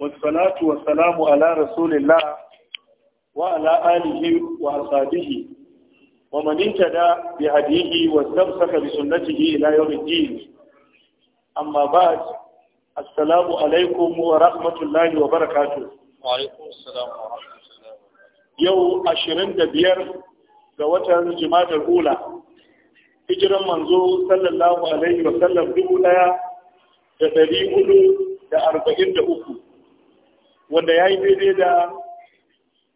والصلاة والسلام على رسول الله وعلى آله وأصحابه ومن انتدى بهديه واستمسك بسنته إلى يوم الدين أما بعد السلام عليكم ورحمة الله وبركاته وعليكم السلام ورحمة الله يو أشرين دبير دوتا الجماعة الأولى hijiran manzo sallallahu alaihi wa sallam dubu daya da dari hudu da arba'in da uku wanda ya yi daidai da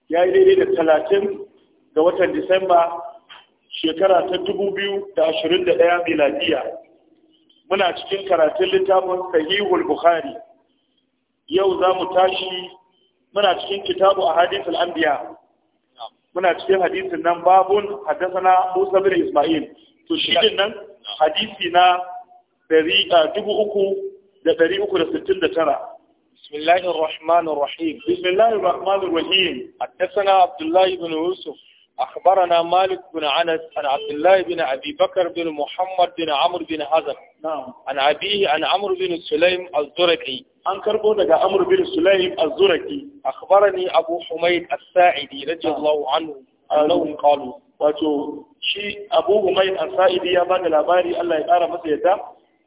ya yi daidai da talatin ga watan disamba shekara ta dubu biyu da ashirin da ɗaya miladiya muna cikin karatun littafin sahihul bukhari yau za mu tashi muna cikin kitabu a hadisul anbiya muna cikin hadisin nan babun haddasana musa bin isma'il to shi nan hadisi na dubu uku da dari uku da sittin da tara بسم الله الرحمن الرحيم بسم الله الرحمن الرحيم حدثنا عبد الله بن يوسف أخبرنا مالك بن عنس عن عبد الله بن أبي بكر بن محمد بن عمرو بن حزم نعم عن أبيه عن عمرو بن سليم الزرقي عن كربونة عمرو بن سليم الزرقي أخبرني أبو حميد الساعدي رضي نعم. الله عنه أنهم قالوا wato shi abu humayin ansa'idi ya bada labari Allah ya ƙara masa yadda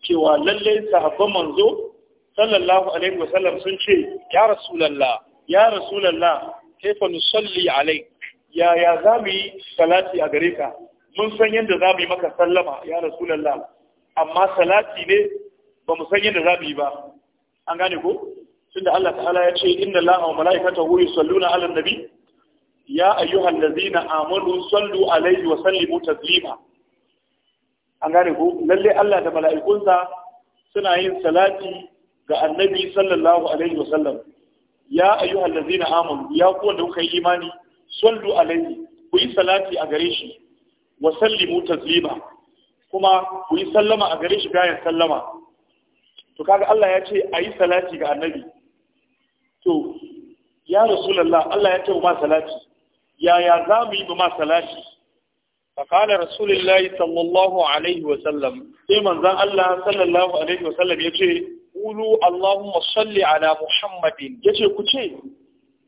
cewa lalle sahabban manzo sallallahu alaihi wa sallam sun ce ya rasulallah ya rasulallah kaifa nusalli alai ya ya za mu yi salati a gare ka mun san yadda za mu yi maka sallama ya rasulallah amma salati ne ba mu san yadda za mu yi ba an gane ko tunda Allah ta'ala ya ce inna allaha wa mala'ikatahu yusalluna 'alan nabi ya ayyuhal ladzina amanu sallu alaihi wa sallimu taslima an gane ko lalle Allah da mala'ikunsa suna yin salati ga annabi sallallahu alaihi wasallam ya ayyuhal ladzina amanu ya ku wanda kuka yi imani sallu alaihi ku yi salati a gare shi wa sallimu taslima kuma ku yi sallama a gare shi bayan sallama to kaga Allah ya ce a yi salati ga annabi to ya rasulullah Allah ya ce ma salati yaya za mu yi ma salati فقال رسول الله صلى الله عليه وسلم sai manzon Allah sallallahu alaihi wasallam yace Kulu Allahumma salli ala Muhammadin ya ce ku ce,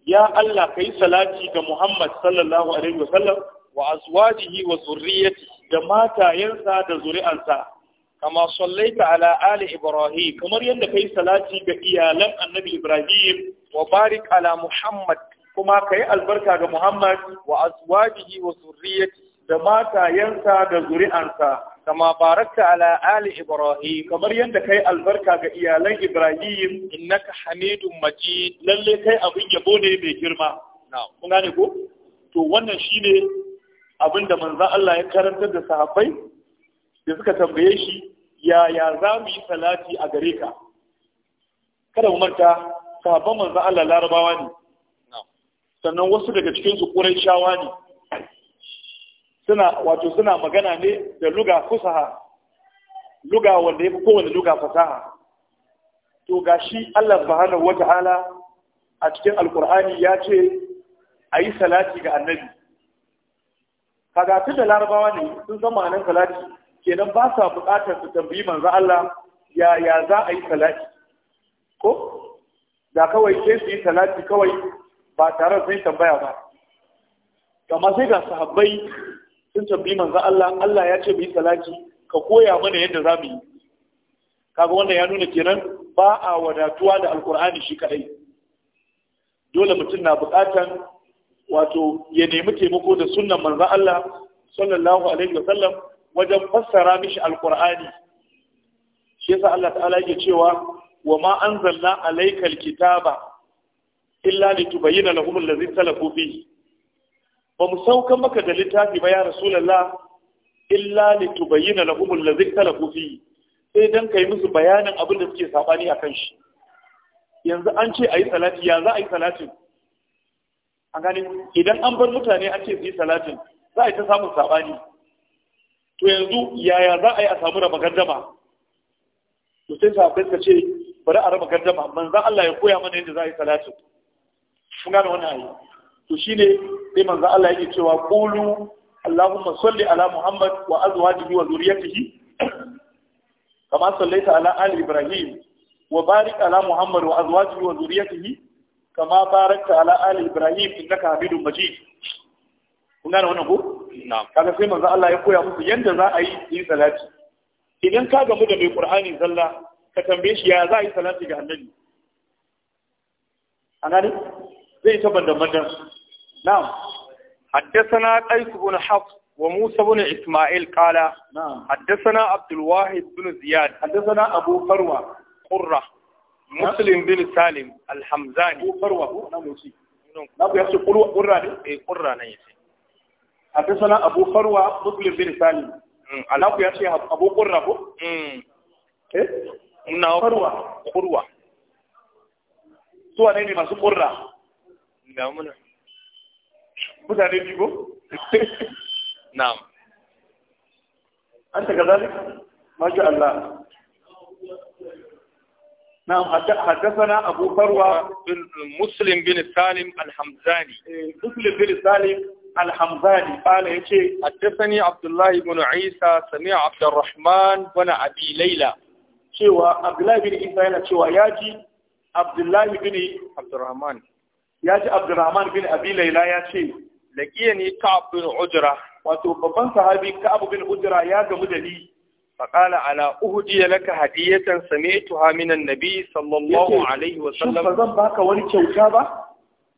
Ya Allah ka yi salati ga Muhammad sallallahu Alaihi wasallam wa azwajihi wa zurriyati da matayensa da zuri'ansa, kama sallaita ala Ali Ibrahim, kamar yadda ka yi salati ga iyalan annabi Ibrahim wa barik ala Muhammad kuma ka yi albarka ga Muhammad wa azwajihi wa zurriyati da matayensa da zuri'ansa. kama barakta ala ali ibrahim kamar yadda kai albarka ga iyalan ibrahim innaka hamidun majid lalle kai abin yabo ne mai girma kun gane ko to wannan shine abin da manzon Allah ya karantar da sahabbai da suka tambaye shi yaya za mu yi salati a gare ka kada mu manta sahabban manzon Allah larabawa ne sannan wasu daga cikin su shawa ne suna wato suna magana ne da luga fusaha luga wanda ya fi kowane luga fasaha to ga shi Allah subhanahu wata'ala a cikin alkur'ani ya ce a yi salati ga annabi kaga da larabawa ne sun san nan salati kenan ba sa buƙatar su tambayi manzo Allah ya ya za a yi salati ko da kawai sai su yi salati kawai ba tare da sun tambaya ba kamar sai ga sahabbai sun tambayi manzo Allah Allah ya ce mu yi salati ka koya mana yadda za mu yi kaga wannan ya nuna kenan ba a wadatuwa da alkur'ani shi kadai dole mutum na buƙatan wato ya nemi taimako da sunnan manzo Allah sallallahu alaihi wa sallam wajen fassara mishi alkur'ani shi yasa Allah ta'ala yake cewa wa ma anzalna alaikal kitaba illa litubayyana lahum allazi talafu fihi ba mu sauka maka da littafi ba ya rasulullah illa tubayyana lahum allazi talafu fi sai dan kai musu bayanin abin da suke sabani akan shi yanzu an ce ayi salati ya za a yi salatin an gani idan an bar mutane an ce su yi salatin za a yi ta samun sabani to yanzu yaya za a yi a samu raba gardama to sai sahabbai ka ce bari a raba gardama manzo Allah ya koya mana yadda za a yi salatin kun gane wannan ayi to shine sai manzo Allah yake cewa qulu Allahumma salli ala Muhammad wa azwajihi wa zurriyyatihi kama sallaita ala ali Ibrahim wa barik ala Muhammad wa azwajihi wa zurriyyatihi kama barakta ala ali Ibrahim innaka Hamidum Majid kun gane wannan ko na'am kaga sai manzo Allah ya koya musu yanda za a yi yin salati idan ka gamu da mai Qur'ani zalla ka tambaye shi ya za a yi salati ga annabi A gane zai ta bandan bandan نعم حدثنا قيس بن حفص وموسى بن إسماعيل قال نعم حدثنا عبد الواحد بن زياد حدثنا أبو فروة قرة مسلم بن سالم الحمزاني أبو فروة نعم يسي قروة قرة إيه قرة نيسي حدثنا أبو فروة مسلم بن سالم نعم يسي أبو قرة إيه نعم فروة قروة سوى نيني ما سقرة نعم نعم mutane ne ko? Na'am. Anta ga zalik? Maji Na'am, haddasana Abu Farwa bin Muslim bin Salim Alhamzani. Eh, Muslim bin Salim Alhamzani, ƙala ya ce, haddasani Abdullah sami Abdurrahman bin Abi Laila. Cewa bin Isa yana cewa ya ji Abdullah bin Abdurrahman. Ya laqiyani ka'ab bin Ujira. wato babban sahabi ka'ab bin ujra ya gamu da ni Ala فقال على أهدي لك هدية سمعتها من النبي صلى الله عليه وسلم فزن باك وني كوتا با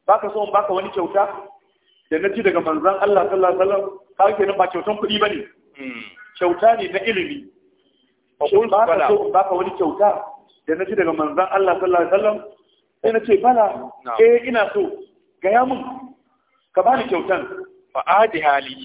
باك سون باك wani kyauta da na naji daga manzan Allah sallallahu alaihi wasallam ka kenan ba kyautan kuɗi ba ne. kyauta ne na ilimi ba kun baka so baka wani kyauta da na naji daga manzan Allah sallallahu alaihi wasallam sai nace bala eh ina so ga mun ka bani kyautan fa adi hali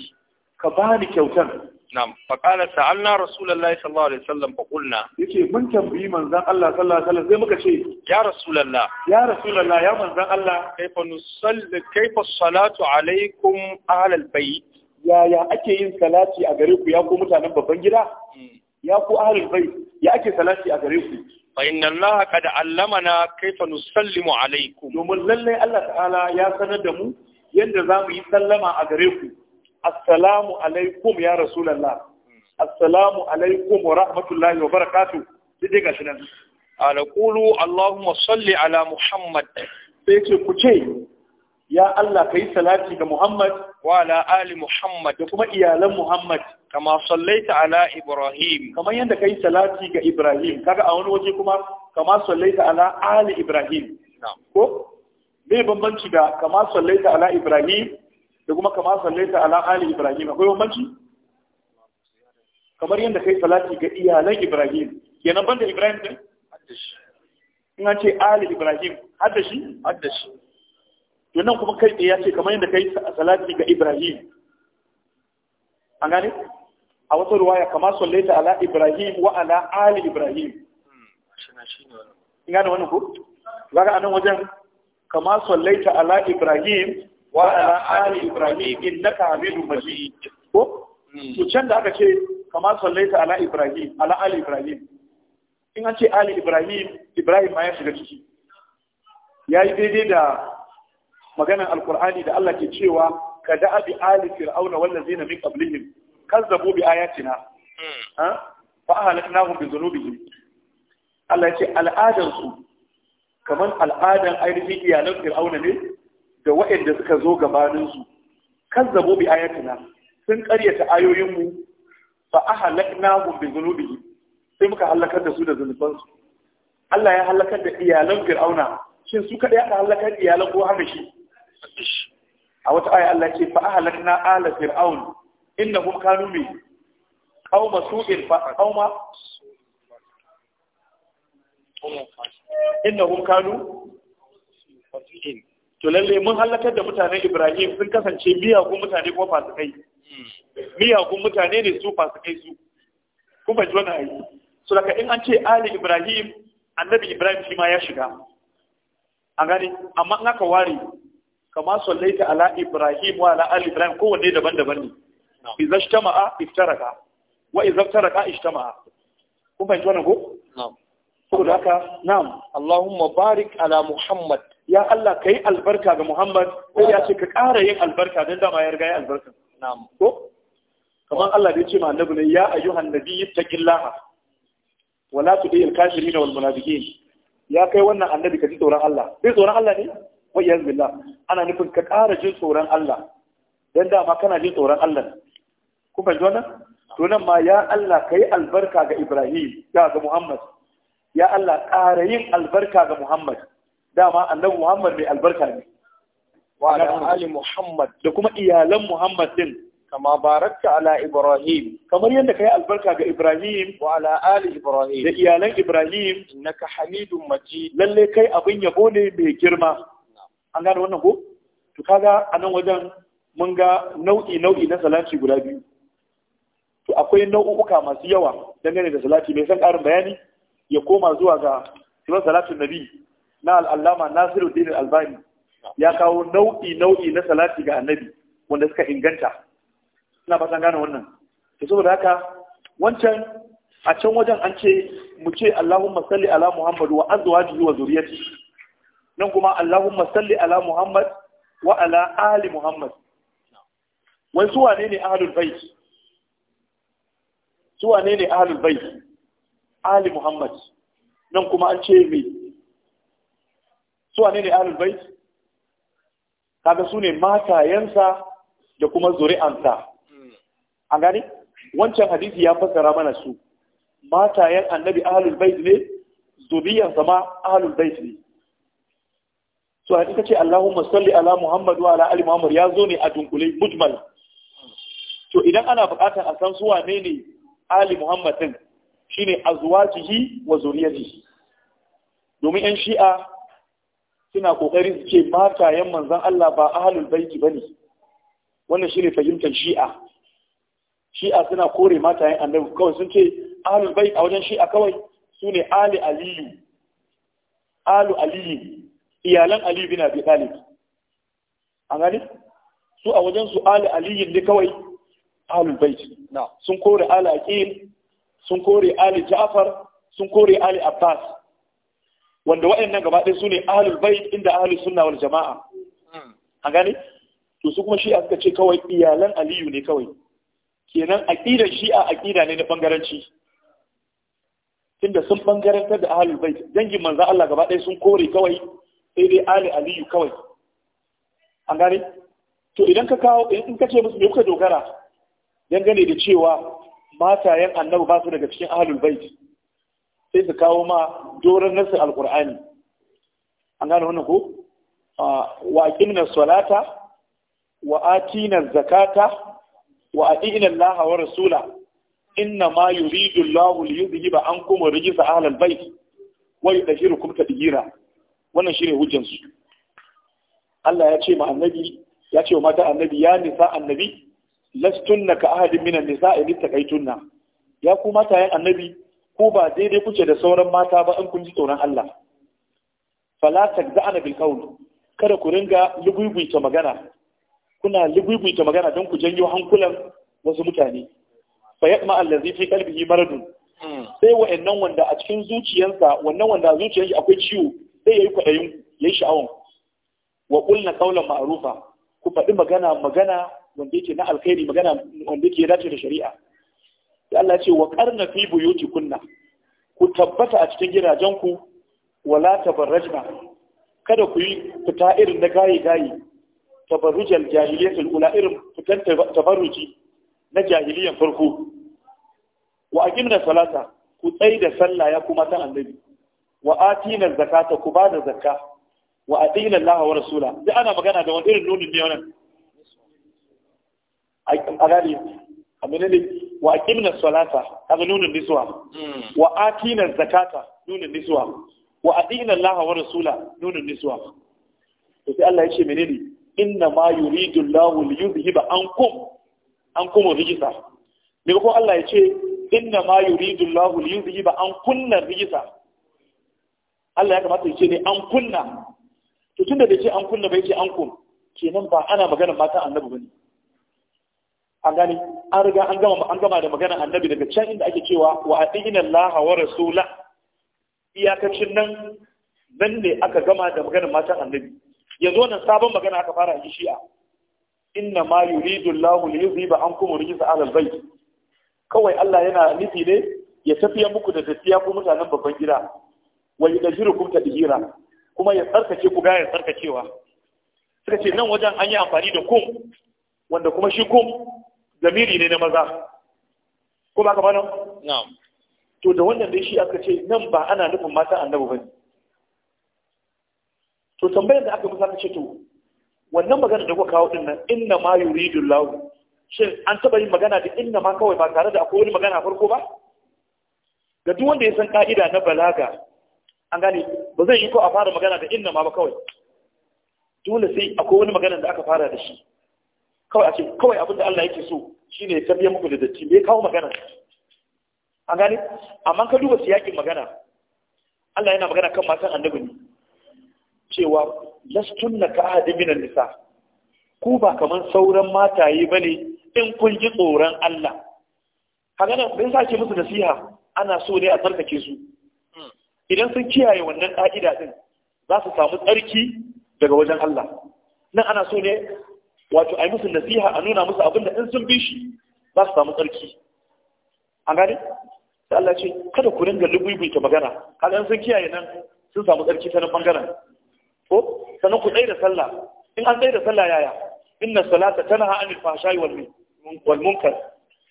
ka bani kyautan na'am fa qala sa'alna rasulullahi sallallahu alaihi wasallam fa qulna yace mun tambayi manzon Allah sallallahu alaihi wasallam sai muka ce ya rasulullah ya rasulullah ya manzon Allah kaifa nusalli kaifa salatu alaikum ahlal bait yaya ake yin salati a gare ku ya ku mutanen babban gida hmm. ya ku ahlul bait ya ake salati a gare ku fa inna allaha qad allamana kaifa nusallimu alaikum. domin lallai Allah ta'ala ya sanar da mu yadda za mu yi sallama a gare ku assalamu alaikum ya rasulallah assalamu alaikum wa rahmatullahi wa barakatu sai dai gashi nan ala allahumma salli ala muhammad sai ce ku ce ya Allah kai salati ga muhammad wa ala ali muhammad da kuma iyalan muhammad kama sallaita ala ibrahim kamar yadda kai salati ga ibrahim kaga a wani waje kuma kama sallaita ala ali ibrahim ko me bambanci da kama sallaita ala ibrahim da kuma kama sallaita ala ali ibrahim akwai bambanci kamar yadda kai salati ga iyalan ibrahim kenan banda ibrahim din in an ce ali ibrahim haddashi? Haddashi. hadda to nan kuma kai ya ce kamar yadda kai salati ga ibrahim an gane a wata ruwaya kama sallaita ala ibrahim wa ala ali ibrahim hmm, in gane wannan ko a anan wajen kama sallaita ala ibrahim wa ala ali ibrahim in innaka hamidum majid ko to can da aka ce kama sallaita ala ibrahim ala ali ibrahim in an ce ali ibrahim ibrahim ma ya shiga ciki ya yi daidai da maganar alkur'ani da Allah ke cewa ka da'a bi ali fir'auna wanda zai wallazina min qablihim kazzabu bi ayatina ha fa ahlaknahum bi dhunubihim Allah ce al'adarsu kamar al'adan ainihin iyalan fir'auna ne da wa'anda suka zo gabaninsu kan zabo bi ayatina sun ƙaryata ayoyinmu fa ahlaknahum bi dhunubihim sai muka halakar da su da zunubansu Allah ya halakar da iyalan fir'auna shin su kada ya halakar iyalan ko haka shi a wata aya Allah ce fa ahlakna ala fir'aun innahum kanu min qauma su'in fa qauma innahum kanu fasiqin to lalle mun halakar da mutanen Ibrahim sun kasance miyagun mutane ko fasikai miyagun mutane ne su kai su Kuma ji wani ayi so daga in an ce ali Ibrahim annabi Ibrahim shi ma ya shiga A gani. amma in aka ware kama sallaita ala Ibrahim wa ala ali Ibrahim kowanne daban-daban ne idza iftaraka wa idza ishtama'a kuma ji wani ko haka na'am Allahumma barik ala Muhammad ya Allah kai albarka ga Muhammad ko ya ce ka ƙara yin albarka don dama ya riga ya albarka na'am ko kamar Allah da ya ce ma annabi ne ya ayyuhan nabiyyu taqillaha wala tudil kafirin wal munafiqin ya kai wannan annabi ka ji tsoron Allah sai tsoron Allah ne wa iyaz billah ana nufin ka ƙara jin tsoron Allah dan ma kana jin tsoron Allah ku fahimci wannan to nan ma ya Allah kai albarka ga Ibrahim ya ga Muhammad ya Allah ƙara yin albarka ga Muhammad dama annabi Muhammad mai albarka ne wa ala Muhammad da kuma iyalan Muhammad din kama baraka ala Ibrahim kamar yadda ka yi albarka ga Ibrahim wa ala ali Ibrahim da iyalan Ibrahim innaka Hamidum Majid lalle kai abin yabo ne mai girma an gane wannan ko to kaga a nan wajen mun ga nau'i nau'i na salati guda biyu to akwai nau'uka masu yawa dangane da salati mai san ƙarin bayani ya koma zuwa ga sifar salatin nabi na al'allama nasiru dinin albani ya kawo nau'i nau'i na salati ga annabi wanda suka inganta ina basan gane wannan to saboda haka wancan a can wajen an ce mu ce Allahumma salli ala Muhammad wa azwajihi wa zuriyati nan kuma Allahumma salli ala Muhammad wa ala ali Muhammad wai su wane ne ahlul bait su wane ne ahlul bait ali muhammad nan kuma an ce mai su wane ne Ali bait kaga su ne matayensa da kuma zuri'ansa an gani wancan hadisi ya fassara mana su matayen annabi Ali bait ne zuriyansa zama Ali bait ne so a ita ce Allahumma salli ala Muhammad wa ala ali Muhammad ya zo ne a dunkule mujmal to idan ana buƙatar a san su wane ne ali Muhammad din ne a zuwa azwajihi wa zuriyatihi domin yan shi'a suna ƙoƙari su ce yan manzan Allah ba a halin baiki ba ne. wannan shi ne fahimtar shi'a shi'a suna kore mata yan annabi kawai sun ce a halin baiki a wajen shi'a kawai sune ali aliyu alu aliyu iyalan aliyu bin abi talib an gani su a wajen su ali aliyu ne kawai halin bait sun kore ali sun kore ali ja'far sun kore ali abbas wanda waɗannan gaba ɗaya su ne ahlul Bayt inda ahlus sunna wal jama'a hmm. A gane to su kuma shi'a suka ce kawai iyalan aliyu ne kawai kenan aqidar shi'a aqida ne na bangaranci tunda sun bangarantar da ahlul Bayt, dangin manzo Allah gaba ɗaya sun kore kawai sai dai ali aliyu kawai A gane to idan ka kawo in ka ce musu me kuka dogara dangane da cewa matayen annabi ba su daga cikin ahalul bait sai su kawo ma doron nasu alkur'ani an gane wannan ko wa aqimna salata wa atina zakata wa atina allaha wa rasula inna ma yuridu allahu li yudhhiba ankum rijsa ahlal bait wa yudhhirukum tadhira wannan shine hujjan Allah ya ce ma annabi ya ce wa mata annabi ya nisa annabi lastunna ka ahadin minan nisa'i littaqaitunna ya ku matayen annabi ko ba daidai kuke da sauran mata ba in kun ji tsoron Allah fala takza'ana bil qawl kada ku ringa lugubuita magana kuna lugubuita magana don ku janyo hankulan wasu mutane fa yatma allazi fi qalbihi maradun hmm. sai wa'annan wanda a cikin zuciyarsa wannan wanda a zuciyarsa akwai ciwo sai yayi kwaɗayin yayi sha'awan wa qulna qawlan ma'rufa ku faɗi magana magana wanda yake na alkhairi magana wanda yake dace da shari'a sai Allah ya ce wa qarna fi buyutikunna ku tabbata a cikin gidajenku wala tabarrajna kada ku yi fita irin na gayi gayi tabarrujal jahiliyatul ula irin fitan tabarruji na jahiliyan farko wa aqimna salata ku tsai da sallah ya kuma ta annabi wa atina zakata ku bada zakka wa atina Allah wa rasula Sai ana magana da wani irin nuni ne wannan a gane a menene wa aqimna salata kaga nunin niswa hmm. wa atina zakata nunin niswa wa adina Allah wa rasula nunin niswa to sai Allah yace ce menene inna ma yuridu Allah li yuzhiba ankum ankum rijisa me ko Allah yace ce inna ma yuridu Allah li yuzhiba ankunna rijisa Allah ya kamata ya ce ne an kunna to tunda da ce an kunna bai ce an kun kenan ba ana magana mata annabi bane an gane an riga an gama an gama da magana annabi daga can inda ake cewa wa atina allaha wa rasula iyakacin nan nan ne aka gama da maganar matan annabi yanzu wannan sabon magana aka fara yi shi'a inna ma yuridu allahu li yuziba ankum rijsa ala albayt kawai Allah yana nufi ne ya tafiya muku da tafiya ku mutanen babban gida wa yudhirukum tadhira kuma ya tsarkace ku ga ya tsarkakewa suka ce nan wajen an yi amfani da kum wanda kuma shi kum zamiri ne na maza ko ba ka ba nan to da wannan dai shi aka ce nan ba ana nufin mata annabi bane to tambayar da aka musa ka ce to wannan magana da kuka kawo din nan inna ma yuridu Allah shin an taba yin magana da inna ma kawai ba tare da akwai wani magana farko ba ga duk wanda ya san ka'ida na balaga an gane ba zai yi ko a fara magana da inna ma ba kawai dole sai akwai wani magana da aka fara da shi kawai a ce kawai abin da Allah yake so shine ya biya muku da datti bai kawo magana an gane amma ka duba siyakin magana Allah yana magana kan matan annabi ne cewa lastunna ka ahadin minan nisa ku ba kaman sauran mataye bane in kun ji tsoron Allah kaga nan bai ce musu nasiha ana so ne a tsarkake su idan sun kiyaye wannan ka'ida din za su samu tsarki daga wajen Allah nan ana so ne wato ai musu nasiha a nuna musu abinda in sun bi shi za su samu tsarki an gane da Allah ce kada ku ringa ta magana in sun kiyaye nan sun samu tsarki ta nan bangaren ko sannan ku tsaye da sallah in an tsaye da sallah yaya inna salata tanha anil fahsha'i wal wal munkar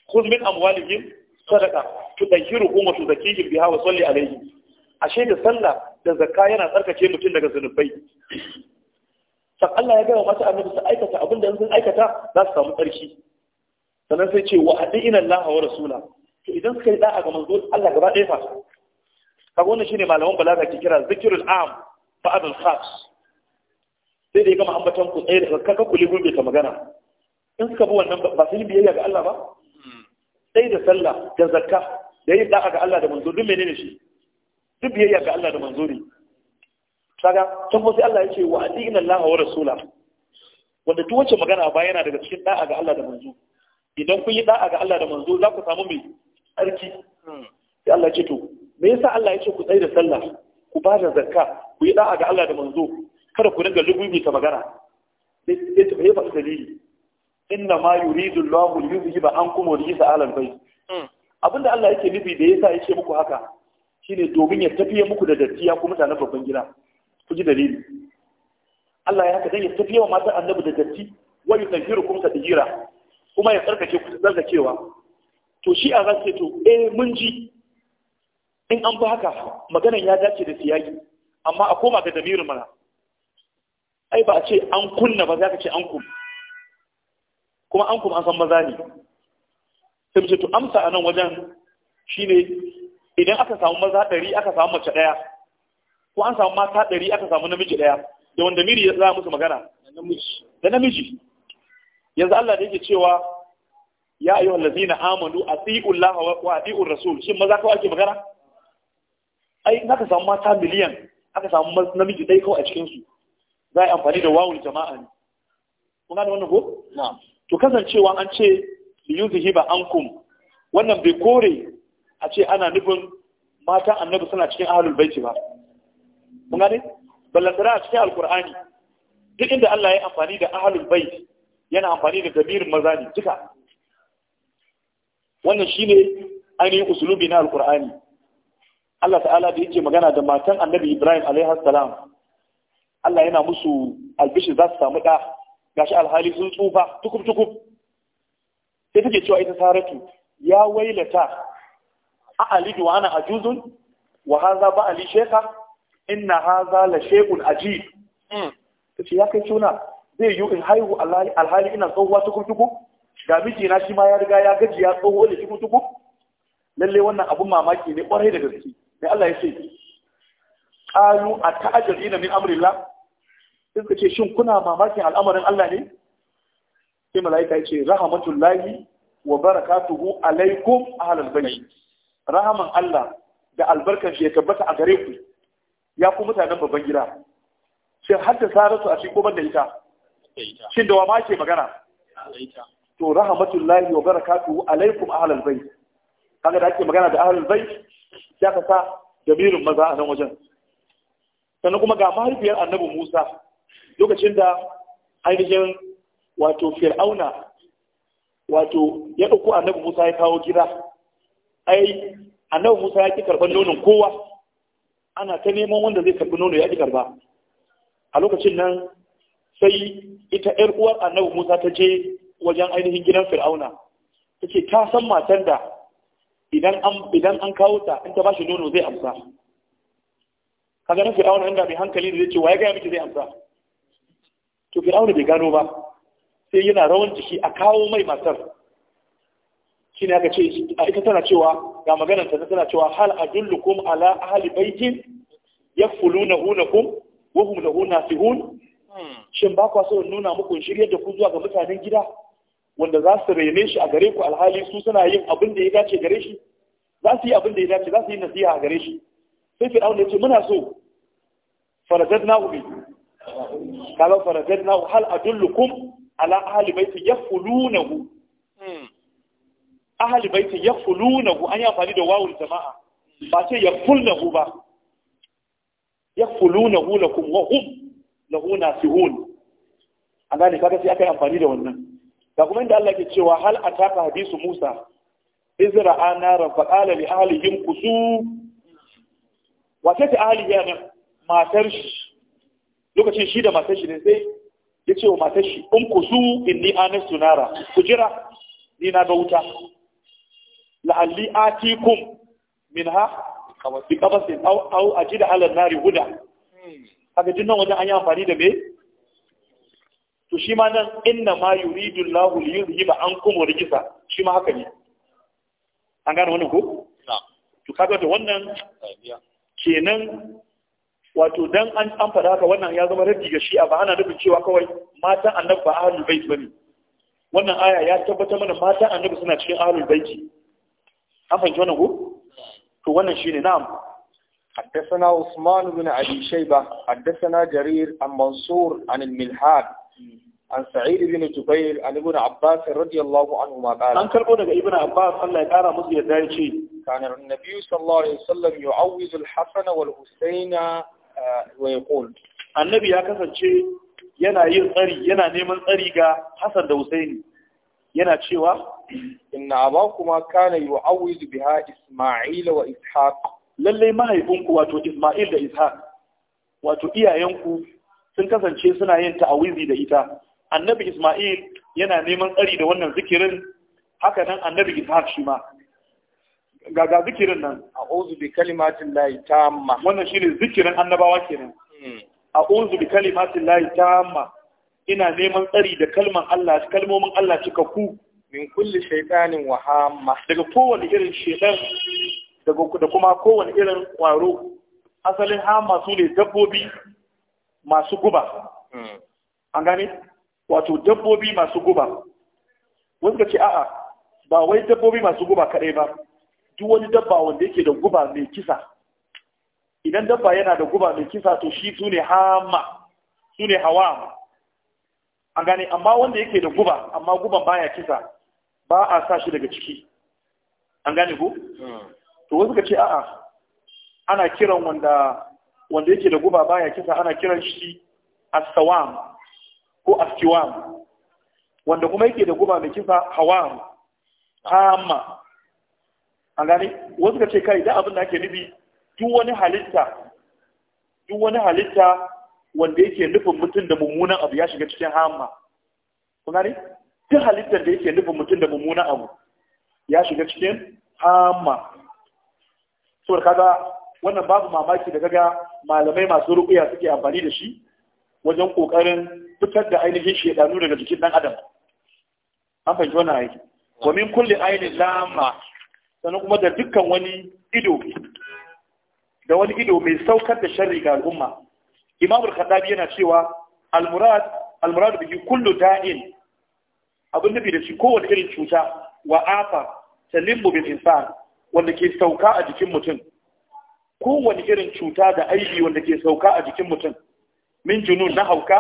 khudh min amwalihim sadaqa tudahhiruhum wa tuzakkihim biha wa salli alayhi ashe da sallah da zakka yana tsarkake mutum daga zunubai san Allah ya gaya wa mata annabi su aikata abin da sun aikata za su samu tsarki sannan sai ce wa hadi ina Allah wa rasula to idan suka yi da'a ga manzo Allah gaba ɗaya fa kaga wannan shine malaman balaga ke kira zikrul am ba'd al khas sai da ya gama ambatan ku tsaye da kaka kuli gurbe ta magana in suka bi wannan ba sun yi biyayya ga Allah ba tsaye da sallah da zakka da yin da'a ga Allah da manzo duk menene shi duk biyayya ga Allah da manzo ne kaga tambo sai Allah ya ce wa adina Allah wa rasula wanda duk wacce magana ba yana daga cikin da'a ga Allah da manzo idan kun yi da'a ga Allah da manzo za ku samu mai arki sai Allah ya ce to me yasa Allah ya ce ku tsaye da sallah ku ba da zakka ku yi da'a ga Allah da manzo kada ku dinga lugubi ta magana sai ta yi dalili inna ma yuridu Allahu yuzhiba ankum rijsa alal bayt hmm. abinda Allah yake nufi da yasa yake muku haka shine domin ya tafiye muku da dattiya ko mutanen babban gida ku ji dalili Allah ya kadan ya tafi yawa matan annabi da datti wa yutahhirukum tadhira kuma ya tsarkake ku tsarkakewa to shi a zai to eh mun ji in an ba haka maganar ya dace da siyaki amma a koma ga damirin mana ai ba a ce an kunna ba za ka ce an kun kuma an kun an san maza ne sai to amsa a nan wajen shine idan aka samu maza ɗari aka samu mace ɗaya ko an samu mata ɗari aka samu namiji ɗaya da wanda miri ya za musu magana da namiji yanzu Allah da yake cewa ya ayyuhal ladzina amanu atiiu laha wa atiiu rasul shin maza kawai ake magana ai in aka samu mata miliyan aka samu namiji ɗaya kawai a cikin su za a yi amfani da wawul jama'a ne kun gane wannan ko na'am to kasancewa an ce an ankum wannan bai kore a ce ana nufin matan annabi suna cikin ahlul baiti ba mun gane ballantara a cikin alkur'ani duk inda Allah ya amfani da ahlul bait yana amfani da dabirin maza ne duka wannan shine ainihin uslubi na alkur'ani Allah ta'ala da yake magana da matan annabi Ibrahim alaihi salam Allah yana musu albishi za su samu ɗa gashi alhali sun tsufa tukub tukub sai take cewa ita saratu ya wailata a alidu ana ajuzun wa hadha ba ali shekha inna haza la shay'un ajib mm. tace ya kai tuna zai yi in haihu alhali ina tsohuwa tukutuku ga miji na shi ma ya riga ya gaji ya tsoho da tukutuku lalle wannan abun mamaki ne kwarai da gaske sai Allah ya ce qalu ata'ajirina min amrillah suka ce shin kuna mamakin al'amarin Allah ne sai mala'ika ya ce rahmatullahi wa barakatuhu alaikum ahlal bayt rahaman Allah da albarkar shi ya tabbata a gare ku ya ku mutanen babban gida shin har da saratu a cikin goban da ita shin da wa ma ke magana to rahmatullahi wa barakatuhu alaikum ahlal bait kaga da ake magana da ahlul bait ya ka sa maza a nan wajen sannan kuma ga mahaifiyar annabi Musa lokacin da ainihin wato fir'auna wato ya ɗauko annabi Musa ya kawo gida ai annabi Musa ya ki karɓar nonon kowa ana ta neman wanda zai karbi nono ya ji karba a lokacin nan sai ita ‘yar uwar annabi Musa ta je wajen ainihin gidan Fir'auna, ta ce, ta san matar da idan an kawo ta in ta ba shi nono zai amsa. Ka ganin Fir'auna inda mai hankali da zai ce, ya gaya miki zai amsa? To Fir'auna bai gano ba, sai yana rawan jiki a kawo mai matar. shi ne aka ce ita tana cewa ga maganar ta tana cewa hal adullukum ala ahli baitin yakfulunahu lakum wa hum lahu nasihun shin ba kwa so nuna muku shirye da ku zuwa ga mutanen gida wanda za su rene shi a gare ku alhali su suna yin abin da ya dace gare shi za su yi abin da ya dace za su yi nasiha a gare shi sai fi ya ce muna so farazadna ubi kaga farazadna hal adullukum ala ahli baiti yafulunahu hmm. ahli baiti hu an yi amfani da wawul jama'a ba ce hu ba ya hu na yakfulunahu hu na hum lahu nasihun an gane kaka sai aka yi amfani da wannan ga kuma inda Allah ke cewa hal taka hadisu Musa izra anara fa ne li yin kusu wace sai ta ahli ya nan matar shi lokacin shi da matar shi ne sai ya ce wa matar shi in kusu in ni anas tunara ku jira ni na ga wuta la'alli atikum minha bi Au aw aw ajida ala nari huda haka din nan wajen an yi amfani da me to shi ma nan inna ma yuridu Allahu li yuhiba ankum rijsa shi ma haka ne an gane wannan ko to kaga da wannan kenan wato dan an an fada haka wannan ya zama raddi ga shi'a ba ana nufin cewa kawai matan annabi ba ahlul bait bane wannan aya ya tabbata mana matan annabi suna cikin ahlul baiti an fahimci wannan ko to wannan shine na'am حدثنا عثمان بن أبي شيبة حدثنا جرير عن منصور عن الملحاد عن سعيد بن جبير عن ابن عباس رضي الله عنهما قال أن كربونا ابن عباس صلى الله عليه وسلم يدعي كان النبي صلى الله عليه وسلم يعوز الحسن والحسين ويقول النبي يا كسر شيء yana yin tsari yana neman tsari ga Hassan da Husaini yana cewa inna abakuma kana yu'awwidu biha Isma'il wa Ishaq lalle mahaifinku wato Isma'il da Ishaq wato iyayenku sun kasance suna yin ta'awizi da ita annabi Isma'il yana neman tsari da wannan zikirin haka nan annabi Ishaq shi ma ga zikirin nan a'udhu bi kalimatin ta tamma wannan shine zikirin annabawa kenan a'udhu bi kalimatin ta tamma ina neman tsari da kalman Allah kalmomin Allah cikakku min kulli shaytanin wahama. daga kowane irin shaytan da kuma kowane irin kwaro asalin hama su ne dabbobi masu guba hmm. an gane wato dabbobi masu guba ka ce a'a ba wai dabbobi masu guba kadai ba duk wani dabba wanda yake da guba mai kisa idan dabba yana da guba mai kisa to shi su ne hama su ne hawa an gane amma wanda yake da guba amma guban baya kisa ba a sa shi daga ciki an gane ku to wasu ka ce a'a ana kiran wanda wanda yake da guba baya kisa ana kiran shi as-sawam ko as-kiwam wanda kuma yake da guba mai kisa hawam amma an gane wasu ka ce kai da abin da ake nufi duk wani halitta duk wani halitta wanda yake nufin mutum da mummunan abu ya shiga cikin hamma kun gane duk halittar da yake nufin mutum da mummuna abu ya shiga cikin hamma saboda kaga wannan babu mamaki da kaga malamai masu rukuya suke amfani da shi wajen kokarin fitar da ainihin shedanu daga jikin dan adam an fahimci wannan aiki wa kulle ainihin lama sannan kuma da dukkan wani ido da wani ido mai saukar da sharri ga al'umma imamul khadabi yana cewa al-murad al-murad bi kullu da'in abin nufi da shi kowane irin cuta wa afa salimmu bin insan wanda ke sauka a jikin mutum kowane irin cuta da aiki wanda ke sauka a jikin mutum min junun na hauka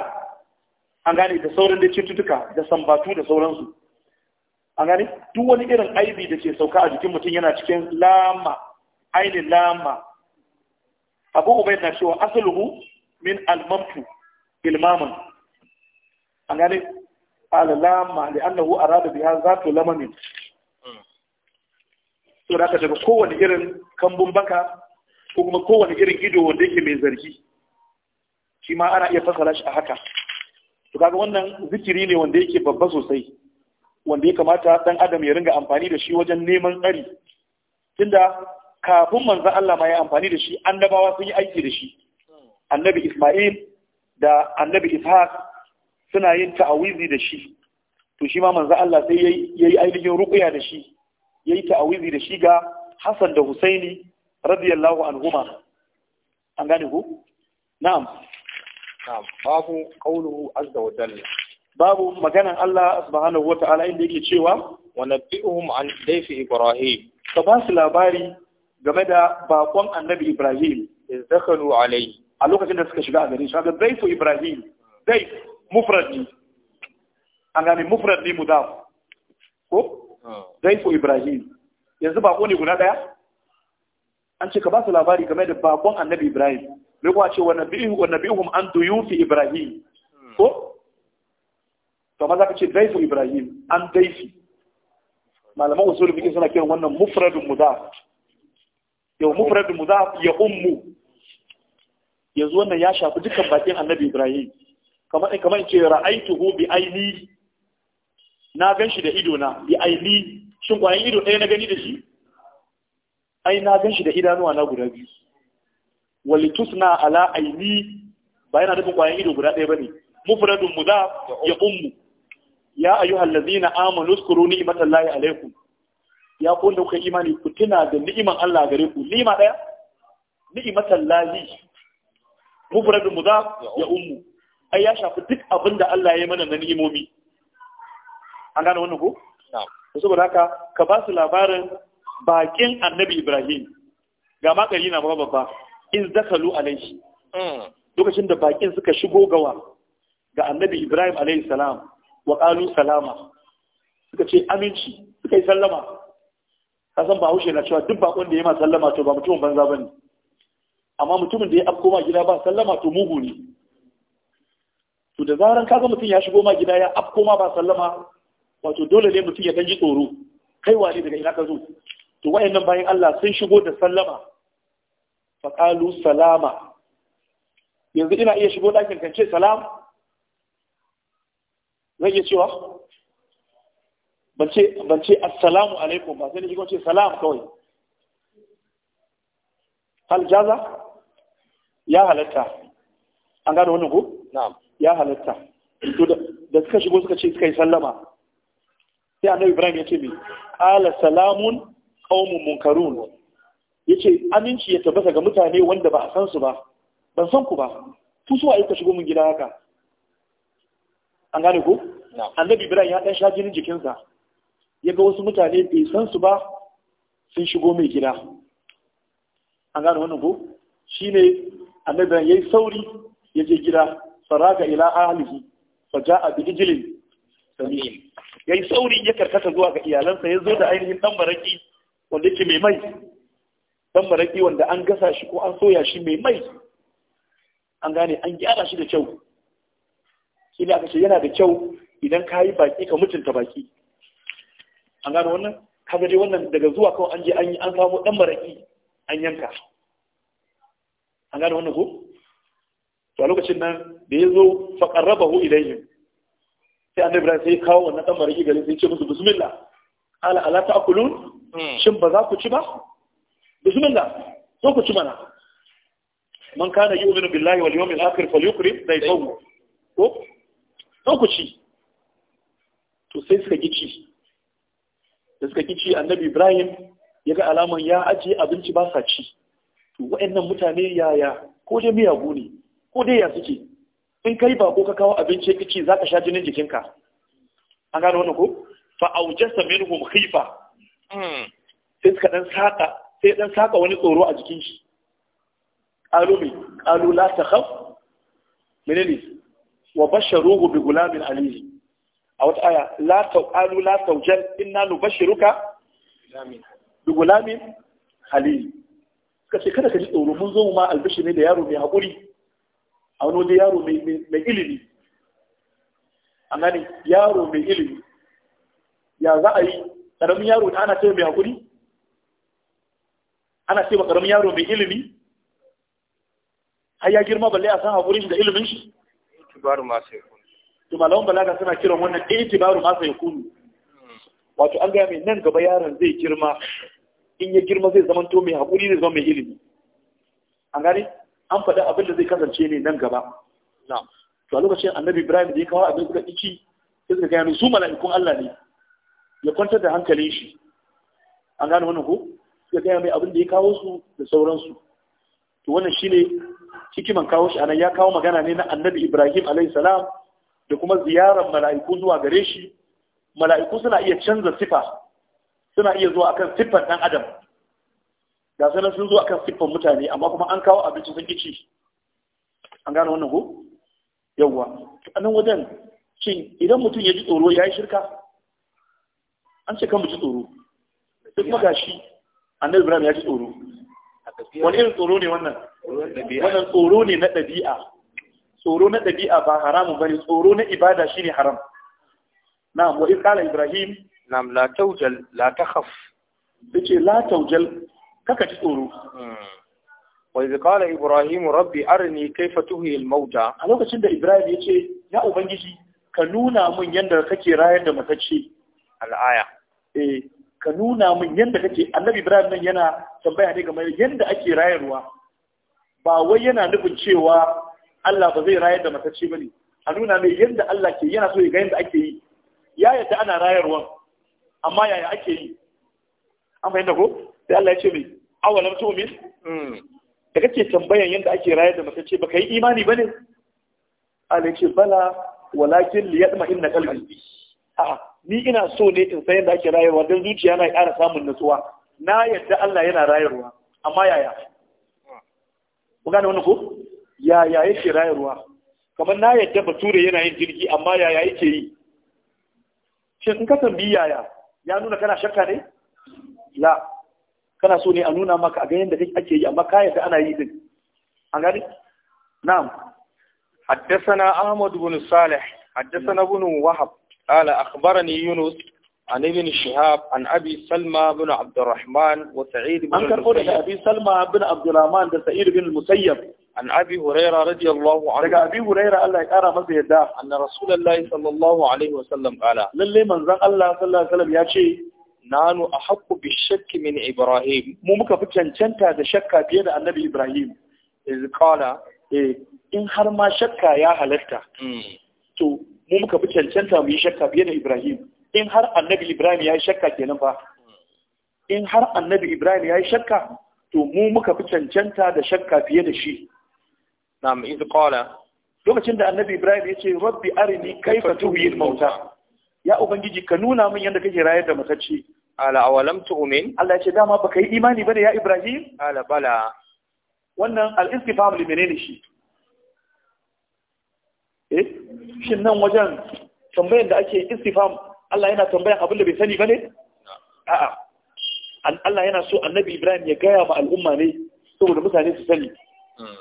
an gane da sauran da cututtuka da sambatu da sauransu an gane duk wani irin aibi da ke sauka a jikin mutum yana cikin lama ainihin lama abu ubai na cewa asaluhu min almamtu ilmaman an gane qala lamma li'annahu arada biha zatu lamanin to da daga kowane irin kambun baka ko kuma kowane irin ido wanda yake mai zargi shi ma ana iya fasala shi a haka to kaga wannan zikiri ne wanda yake babba sosai wanda ya kamata dan adam ya ringa amfani da shi wajen neman tsari tunda kafin manzo Allah ma ya amfani da shi annabawa sun yi aiki da shi annabi Isma'il da annabi Ishaq suna yin ta'awizi da shi to shi ma manzo Allah sai yayi ainihin ruqya da shi yayi ta'awizi da shi ga Hassan da Husaini radiyallahu anhuma an gane ku na'am na'am babu qawluhu azza wa jalla babu maganan Allah subhanahu wa ta'ala inda yake cewa wa nabbi'uhum an dayfi ibrahim ka ba su labari game da bakon annabi ibrahim izdakhalu alayhi a lokacin da suka shiga a garin shi ga dayfu ibrahim dayfu mufrad ne an mufrad ni mudaf ko zaifu oh. ibrahim yanzu bako ne guda daya an ce ka ba su labari game da bakon annabi ibrahim bai kuwa ce wa nabi'uhum an duyufi ibrahim hmm. ko to za ka ce daifu ibrahim an daifi malaman usul fiqh suna kiran wannan mufrad mudaf yau oh. mufrad mudaf ya ummu yanzu wannan ya shafi dukkan bakin annabi ibrahim kamar kamar ce hu bi aini na gan shi da ido na bi aini shin kwayan ido ɗaya na gani da shi ai na gan shi da idanuwa na guda biyu tusna ala aini ba yana nufin kwayan ido guda ɗaya bane mufradun mudaf ya ummu ya ayyuhal ladzina amanu zkuru ni'matallahi alaikum ya ku wanda kuka imani ku tuna da ni'iman Allah gare ku ni'ima daya ni'matan lahi mufradun mudaf ya ummu ai ya shafi duk abin da Allah ya mana na ni'imomi an gane wannan ko na'am saboda haka ka ba su labarin bakin annabi Ibrahim ga makari na maka babba in zakalu alaihi hmm. lokacin da bakin suka shigo gawa ga annabi Ibrahim alaihi salam wa qalu salama suka ce aminci suka yi sallama kasan ba haushe na cewa duk bakon da ya ma sallama to ba mutumin banza bane amma mutumin da ya afko ma gida ba sallama to mugu ne to da zaran kaga mutum ya shigo ma gida ya afko ma ba sallama wato dole ne mutum ya dan ji tsoro kai wani daga ina ka zo to wayannan bayan Allah sun shigo da sallama qalu salama yanzu ina iya shigo dakin kan ce salam zai iya cewa ban ce assalamu alaikum ba sai ni shigo ce salam kawai hal jaza ya halatta an gano wannan ko na'am ya halatta to da suka shigo suka ce suka yi sallama sai annabi ibrahim ya ce mai ala salamun qaumun munkarun yace aminci ya tabbata ga mutane wanda ba a san su ba ban san ku ba ku so ayi ka shigo mun gida haka an gane ku annabi ibrahim ya dan sha jinin jikinsa ya ga wasu mutane bai san su ba sun shigo mai gida an gane wannan ku shine annabi ibrahim yayi sauri ya je gida faraga ila ahlihi fa jaa bi ijlin samin yayi sauri ya karkata zuwa ga iyalansa ya zo da ainihin dan baraki wanda yake mai mai dan baraki wanda an gasa shi ko an soya shi mai mai an gane an gyara shi da kyau shi ne aka ce yana da kyau idan ka yi baki ka mutunta baki an gane wannan kaga dai wannan daga zuwa kawai an je an yi an samu dan baraki an yanka an gane wannan ko to a lokacin nan da ya zo hu ilayhim sai annabi ibrahim sai kawo wannan dan mariki gari sai ce musu bismillah ala ala ta'kulun hmm. shin ba za ku ci ba bismillah zo ku ci mana man kana yu'minu billahi wal yawmil akhir falyukrim dayfahu ko zo ku ci to sai suka gici da suka gici annabi ibrahim ya ga alaman ya ajiye abinci ba sa ci to wa'annan mutane yaya ko dai miyagu ne ko dai ya suke in kai ba ko ka kawo abinci ya ce za ka sha jinin jikinka an gano wannan ko fa aujasa minhum khifa hmm. sai suka dan saka sai dan saka wani tsoro a jikin shi qalu bi qalu la takhaf menene wa basharuhu bi gulamin alihi a wata aya la taqalu la tawjal inna nubashiruka bi gulamin alihi kace kada ka ji tsoro mun zo ma albishi ne da yaro mai hakuri a wani waje yaro mai ilimi a nani yaro mai ilimi ya za a yi ƙaramin yaro da ana ce mai haƙuri ana ce ƙaramin yaro mai ilimi har ya girma balle a san haƙurin da ilimin shi itibaru masu yakunu to malawan balaga suna kiran wannan itibaru masu yakunu wato an gaya mai nan gaba yaron zai girma in ya girma zai zama to mai haƙuri zai zama mai ilimi an gane an faɗi abin da zai kasance ne nan gaba to a lokacin annabi ibrahim da ya kawo abin kuka iki sai suka gaya su mala'ikun allah ne ya kwantar da hankalin shi an gano wannan ko suka gaya mai abin da ya kawo su da sauransu to wannan shi ne hikiman kawo shi anan ya kawo magana ne na annabi ibrahim alayhi da kuma ziyarar mala'iku zuwa gare shi mala'iku suna iya canza sifa suna iya zuwa akan siffar ɗan adam ga sanar sun zo akan siffar mutane amma kuma an kawo abinci sun ci an gane wannan ko yawwa a nan wajen shin idan mutum ya ji tsoro ya yi shirka an ce kan mu ji tsoro duk kuma gashi annabi ibrahim ya ji tsoro wani irin tsoro ne wannan wannan tsoro ne na ɗabi'a tsoro na ɗabi'a ba haramun bane tsoro na ibada shine haram Na wa qala ibrahim na'am la tawjal la takhaf yace la tawjal kaka ji tsoro hmm. wa idh qala Ibrahimu rabbi arni kayfa tuhyi al mauta a lokacin da ibrahim ya ce ya ubangiji ka nuna mun yanda kake rayar da matacce Al'aya. eh ka nuna mun yanda kake annabi ibrahim nan yana tambaya ne game yanda ake rayarwa ba wai yana nufin cewa Allah ba zai rayar da matacce bane a nuna mai yanda Allah ke yana so ya ga yanda ake yi ya yadda ana rayarwa amma yaya ake yi an fahimta ko sai Allah ya ce mai awalam tu'min hmm. da kake tambayan yadda ake rayar da mace matacce baka yi imani bane Allah ya ce bala walakin li yadma inna qalbi a'a ni ina so ne in san yadda ake rayarwa dan zuciya na ƙara samun nutsuwa na yadda Allah yana rayarwa amma yaya ku gane wannan ko yaya yake rayarwa kamar na yadda bature yana yin jirgi amma yaya yake yi shin in ka tambayi yaya ya nuna kana shakka ne kana so ne a nuna maka a ganin da kake yi amma kayan da ana yi din an gani na'am haddathana ahmad ibn salih haddathana hmm. ibn wahab qala akhbarani yunus an ibn shihab an abi salma ibn abd alrahman wa sa'id ibn abi salma ibn abd da sa'id bin musayyab an abi hurayra radiyallahu anhu daga abi hurayra Allah ya kara masa yadda anna rasulullahi sallallahu alaihi wa sallam qala lalle manzon Allah sallallahu alaihi ya ce nanu a haƙƙu bi shakki min Ibrahim, mu muka fi cancanta da shakka fiye da annabi Ibrahim, yanzu eh, in har ma shakka ya halatta, hmm. to mu muka fi cancanta mu yi shakka fiye da Ibrahim, in har annabi Ibrahim ya yi shakka kenan fa? Hmm. in har annabi Ibrahim ya yi shakka, to mu muka fi cancanta da shakka fiye da shi. Na'am, iz lokacin da annabi Ibrahim ya ce, Rabbi arini kaifa tuhyi al-mauta. ya ubangiji ka nuna min yadda kake rayar da matacce ala awalam tu'min Allah ya ce dama baka yi imani bane ya Ibrahim ala bala wannan al-istifham li menene shi eh shin nan wajen tambayar da ake istifham Allah yana tambaya abin da bai sani bane a'a Allah yana so annabi Ibrahim ya gaya ma al'umma ne saboda mutane su sani hmm.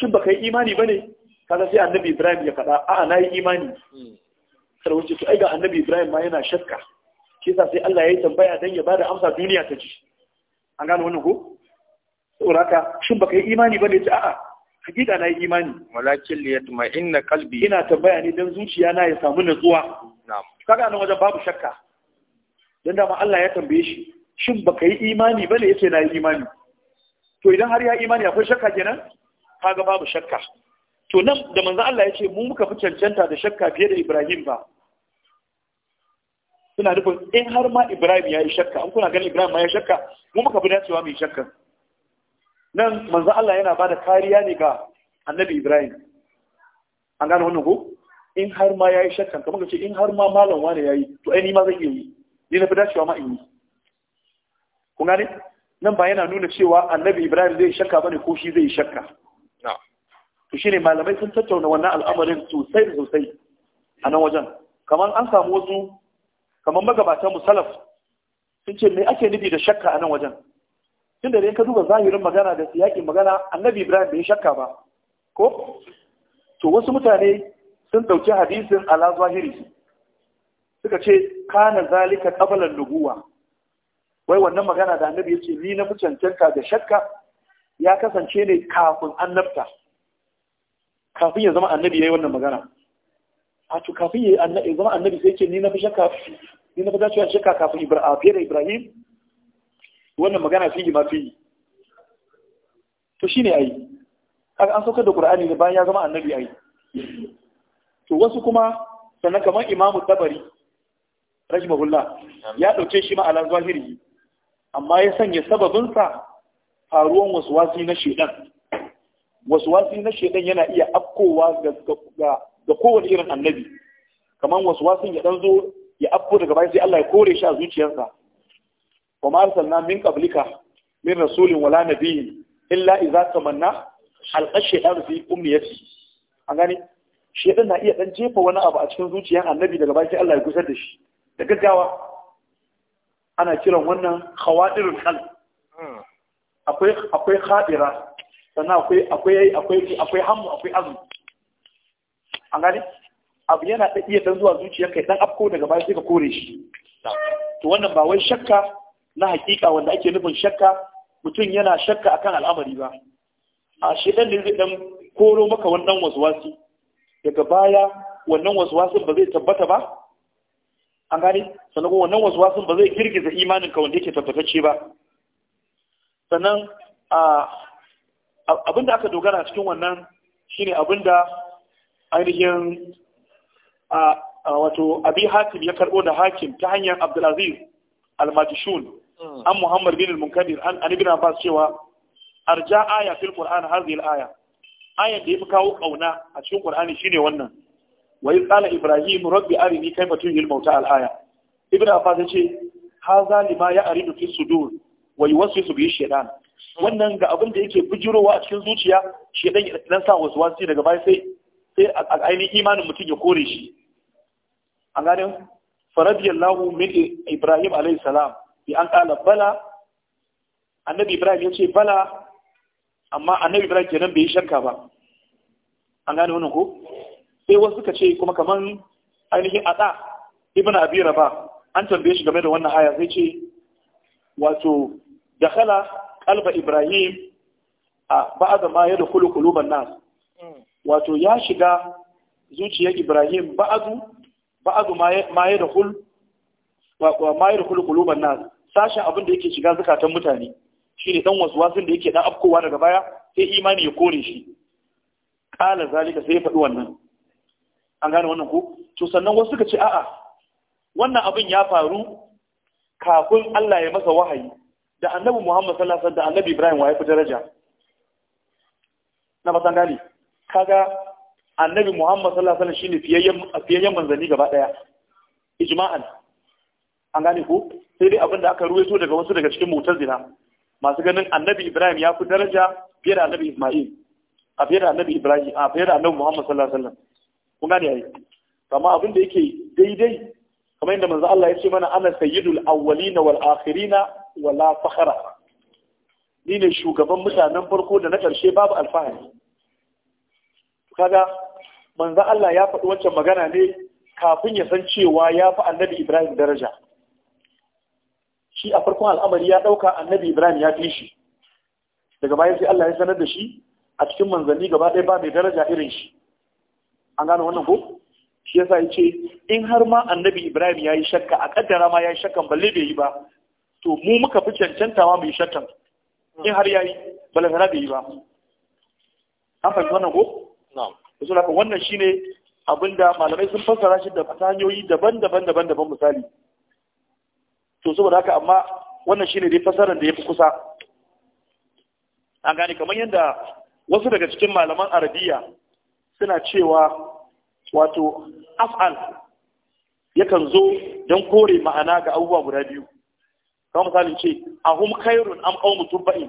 shin baka yi imani bane kaza sai annabi Ibrahim ya faɗa a'a na yi imani hmm. sarwace su aiga annabi ibrahim ma yana shakka shi sa sai Allah ya yi tambaya dan ya bada amsa duniya ta ji an gano wannan ko saboda haka shin baka yi imani ba ne, ta a'a hakika na yi imani walakin ma ina kalbi. ina tambaya ne don zuciya na ya samu natsuwa Ka kaga nan wajen babu shakka dan dama Allah ya tambaye shi shin baka yi imani ba ne yace na yi imani to idan har ya imani akwai shakka kenan kaga babu shakka to nan da manzo Allah ya ce mu muka fi cancanta da shakka fiye da Ibrahim ba suna nufin in har ma ibrahim ya yi shakka an kuna ganin ibrahim ma ya shakka mu muka fi dacewa mai shakka nan manzo Allah yana bada kariya ne ga annabi ibrahim an gane wannan ko in har ma ya yi shakka kamar ka ce in har ma malam wani ya yi to ai ni ma zan iya yi ni na fi dacewa ma in yi kun gane nan ba yana nuna cewa annabi ibrahim zai shakka bane ko shi zai shakka to shine malamai sun tattauna wannan al'amarin sosai da sosai a nan wajen kamar an samu wasu kamar magabatan mu salaf sun ce me ake nufi da shakka a nan wajen tun da ka duba zahirin magana da yaƙi magana annabi ibrahim bai shakka ba ko to wasu mutane sun ɗauki hadisin ala zahiri suka ce kana zalika ƙabalar nubuwa wai wannan magana da annabi yace ni na mucancanta da shakka ya kasance ne kafin annabta kafin ya zama annabi yayi wannan magana a to kafin ya annabi zama annabi sai ce ni na fi shakka ni na fi dacewa shakka kafin ibrahim fiye da ibrahim wannan magana fiye ma fiye to shine ai kaga an saukar da qur'ani ne bayan ya zama annabi ayi. to wasu kuma sannan kamar imamu tabari rahimahullah ya dauke shi ma ala zahiri amma ya sanya sababinsa faruwan wasu wasi na shedan wasu wasi na shedan yana iya afkowa ga ga kowane irin annabi kamar wasu wasan ya dan zo ya afko daga bayan sai Allah ya kore shi a zuciyarsa wa ma arsalna min qablika min rasulin wala nabiyyin illa idza tamanna halqa shaytan fi umniyati an gane shaytan na iya dan jefa wani abu a cikin zuciyar annabi daga bayan sai Allah ya gusar da shi da gaggawa ana kiran wannan khawadirul qalb hmm. akwai akwai khadira sannan akwai akwai akwai akwai akwai azumi an gane abu yana da iya dan zuwa zuciya kai, dan afko daga baya sai ka kore shi to wannan ba wai shakka na hakika wanda ake nufin shakka mutum yana shakka akan al'amari ba a shedan ne zai dan koro maka wannan waswasi daga baya wannan waswasin ba zai tabbata ba an gane sannan kuma wannan waswasin ba zai girgiza imanin ka wanda yake tabbatacce ba sannan a abinda aka dogara cikin wannan shine abinda ainihin wato abi Hakim ya karbo da hakim ta hanyar abdulaziz al-majishun hmm. an muhammad bin al-munkadir an ibn abbas cewa arja aya fil qur'an hadhihi al-aya ayar da yafi kawo kauna a cikin qur'ani shine wannan wa iz ibrahim rabbi arini kayfa tuhil mauta al-aya ibn abbas yace hadha lima ya'ridu fi sudur wa yuwaswisu bihi shaytan hmm. wannan ga abin da yake bijirowa a cikin zuciya shedan dan sa waswasi daga baya sai sai a ainihin imanin mutum ya kore shi an gane faradiyallahu min ibrahim alayhi salam bi an kala bala annabi ibrahim ya ce bala amma annabi ibrahim kenan bai yi shakka ba an gane wannan ko sai wasu suka ce kuma kaman ainihin ada ibn abi rabah an tambaye shi game da wannan aya sai ce wato dakhala qalba ibrahim a ba'da ma yadkhulu quluban nas hmm. wato ya shiga zuciyar Ibrahim ba'adu ba'adu maye da hul wa ma da hul quluban nas sashen abin da yake shiga zakatan mutane shine dan waswasin da yake dan afkowa daga baya sai imani ya kore shi qala zalika sai ya faɗi wannan an gane wannan ko to sannan wasu suka ce a'a wannan abin ya faru kafin Allah ya masa wahayi da annabi Muhammad sallallahu alaihi wasallam da annabi Ibrahim wa ya fi daraja na ba san gane kaga annabi Muhammad sallallahu alaihi wasallam shine fiyayyen fiyayyen manzanni gaba daya ijma'an an gane ko sai dai abinda aka ruwaito daga wasu daga cikin mu'tazila masu ganin annabi Ibrahim ya fi daraja fiye da annabi Isma'il a fiye da annabi Ibrahim a fiye da annabi Muhammad sallallahu alaihi wasallam kun gane ai amma da yake daidai kamar yadda manzo Allah ya ce mana ana sayyidul awwalina wal akhirina wala fakhara ni ne shugaban mutanen farko da na ƙarshe babu alfahari kaga manzo Allah ya faɗi wancan magana ne kafin ya san cewa ya fi annabi Ibrahim daraja shi a farkon al'amari ya ɗauka annabi Ibrahim ya fi shi daga bayan sai Allah ya sanar da shi a cikin manzanni gaba ɗaya ba mai daraja irin shi an gano wannan ko shi yasa ya ce in har ma annabi Ibrahim ya yi shakka a kaddara ma ya yi shakkan balle bai yi ba to mu muka fi cancantawa mai shakkan in har ya yi balantana bai yi ba an fahimci wannan ko na'am to haka wannan shine abinda malamai sun fassara shi da hanyoyi daban-daban daban-daban misali to saboda haka amma wannan shine dai fassarar da yafi kusa an gane kamar yadda wasu daga cikin malaman arabiya suna cewa wato af'al yakan zo don kore ma'ana ga abubuwa guda biyu kamar misalin ce ahum khairun am qaumu tubba'in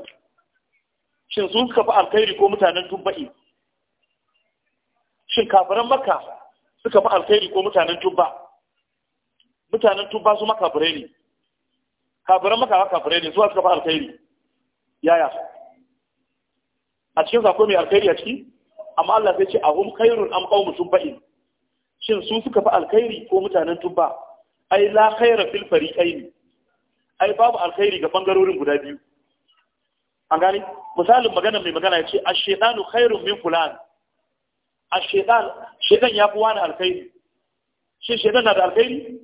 shin sun suka alkhairi ko mutanen tubba'in shin kafiran maka suka fi alkhairi ko mutanen tubba mutanen tubba su makafirai ne kafiran maka ba kafirai ne zuwa suka fi alkhairi yaya a cikin sako mai alkhairi a ciki amma Allah sai ce ahum khairun am qaumu tubba'in shin su suka fi alkhairi ko mutanen tubba ai la khaira fil fariqaini ai babu alkhairi ga bangarorin guda biyu an gani misalin magana mai magana ya ce a khairun min fulani a shedan shedan ya fi wani alkhairi shi shedan na da alkhairi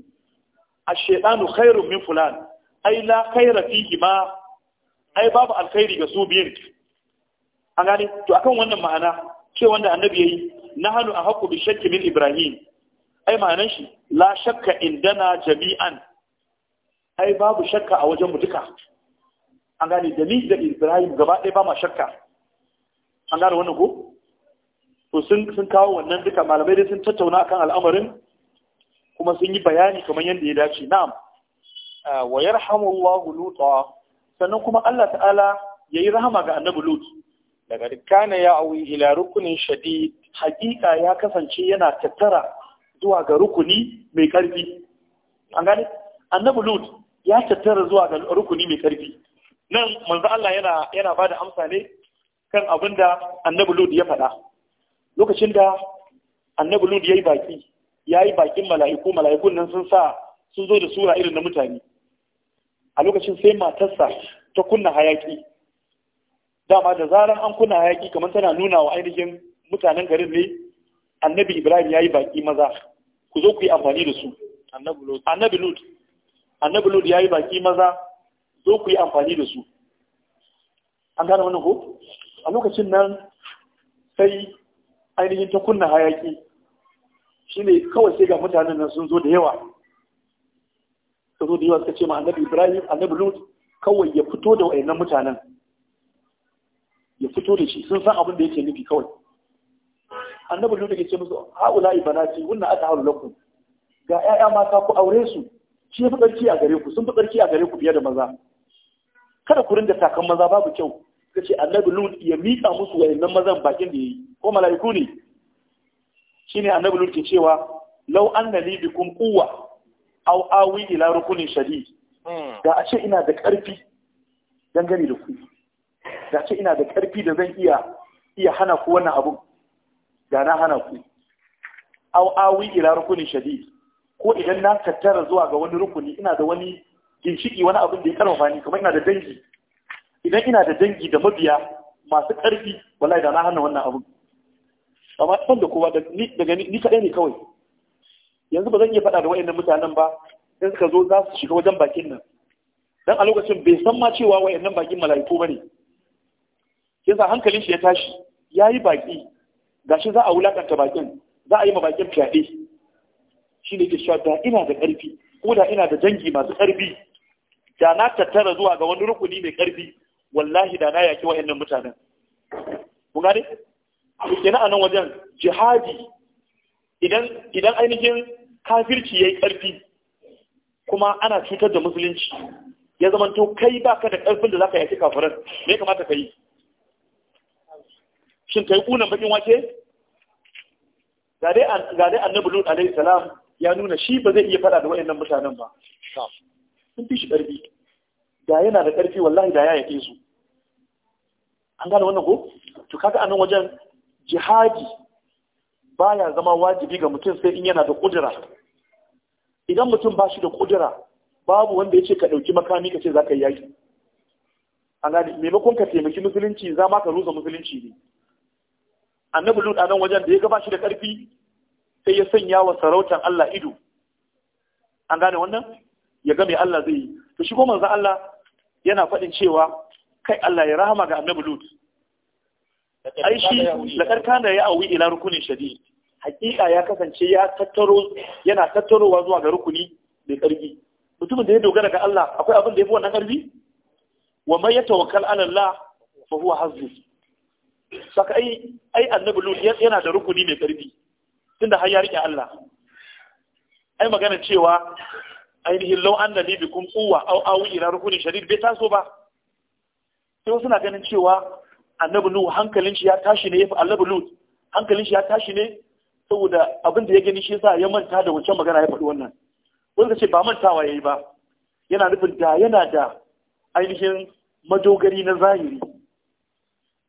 a shedanu khairun min fulan ai la khaira fihi ma ai babu alkhairi ga su biyun an gane to akan wannan ma'ana ce wanda annabi yayi nahnu ahqqu bi shakki min ibrahim ai ma'anan shi la shakka indana jami'an ai babu shakka a wajen mu duka an gane da ni da ibrahim gaba ɗaya ba ma shakka an gane wannan ko to sun kawo wannan duka malamai dai sun tattauna akan al'amarin kuma sun yi bayani kamar yadda ya dace na'am ah, wa yarhamullahu luta sannan kuma Allah ta'ala yayi rahama ga annabi lut daga kana ya awi ila rukunin shadid hakika ya kasance yana tattara zuwa ga rukuni mai karfi an gane annabi lut ya tattara zuwa ga rukuni mai karfi nan manzo Allah yana yana bada amsa ne kan abinda annabi lut ya faɗa lokacin da annabi lud yayi baki yayi bakin mala'iku mala'ikun nan sun sa sun zo da sura irin na mutane a lokacin sai matarsa ta kunna hayaki dama da zaran an kunna hayaki kamar tana nuna wa ainihin mutanen garin ne annabi ibrahim yayi baki maza ku zo ku yi amfani da su annabi lud annabi lud yayi baki maza zo ku yi amfani da su an gane wannan ko a lokacin nan sai ainihin ta kunna hayaki ne kawai sai ga mutanen nan sun zo da yawa suka zo da yawa suka ce ma annabi Ibrahim annabi Lut kawai ya fito da wayannan mutanen ya fito da shi sun san abin da yake nufi kawai annabi Lut yake ce musu haula ibanati wannan aka halu lakum ga ƴaƴa mata ku aure su shi fi tsarki a gare ku sun fi tsarki a gare ku fiye da maza kada ku rinda takan maza babu kyau suka ce annabi lut ya miƙa musu wayannan mazan bakin da yi ko mala'iku ne Shi ne annabi lut ke cewa an na libi kun kuwa au awi ila rukunin shadi. Hmm. da a ce ina da ƙarfi dangane da ku da a ce ina da ƙarfi da zan iya iya hana ku wannan abu da na hana ku Au awi ila rukunin shadi. ko idan na tattara zuwa ga wani rukuni ina da wani ginshiki wani abin da ya karfafa ni kamar ina da dangi idan ina da dangi da mabiya masu ƙarfi wallahi da na hana wannan abu amma ban da kowa daga ni kaɗai ne kawai yanzu ba zan iya faɗa da wa'annan mutanen ba sai suka zo za su shiga wajen bakin nan dan a lokacin bai san ma cewa wayannan bakin mala'iku bane yasa hankalin shi ya tashi yayi baki gashi za a wulakanta bakin za a yi ma bakin fyaɗe shi ne ke cewa da ina da ƙarfi ko da ina da dangi masu ƙarfi da na tattara zuwa ga wani rukuni mai ƙarfi wallahi da na yaki wa'annan mutanen kun gane Kina a nan wajen jihadi idan idan ainihin kafirci yayi ƙarfi, kuma ana cutar da musulunci ya zamanto kai baka da ƙarfin da zaka yaki kafiran me kamata ka yi shin kai kunan bakin wace ga dai annabi lut alaihi salam ya nuna shi ba zai iya fada da wayannan mutanen ba sun fi shi ƙarfi. da yana da ƙarfi, wallahi da ya yake su an gane wannan ko to kaga anan wajen jihadi baya zama wajibi ga mutum sai in yana da kudura idan mutum ba shi da kudura babu wanda ya ce ka ɗauki makami ka ce za ka yi yaƙi. an gane maimakon ka taimaki musulunci za ma ka rusa musulunci ne annabi lut a wajen da ya gaba shi da ƙarfi sai ya sanya wa sarautar Allah ido an gane wannan ya ga me Allah zai yi to shi ko manzo Allah yana faɗin cewa kai Allah ya rahama ga annabi Lut ai shi lakar da ya awi ila rukunin shadid hakika ya kasance ya tattaro yana tattarowa zuwa ga rukuni mai karfi mutumin da ya dogara ga Allah akwai abin da yafi wannan karfi wa man tawakkal ala Allah fa huwa hazzu saka ai ai annabi Lut yana da rukuni mai karfi tunda har ya rike Allah ai magana cewa ainihin law anna li bikum quwwa aw awi ila rukunin shadid bai taso ba sai suna ganin cewa annabi nuhu hankalin shi ya tashi ne yafi annabi lut hankalin shi ya tashi ne saboda abin da ya gani shi yasa ya manta da wancan magana ya faɗi wannan wanda ce ba mantawa yayi ba yana nufin da yana da ainihin madogari na zahiri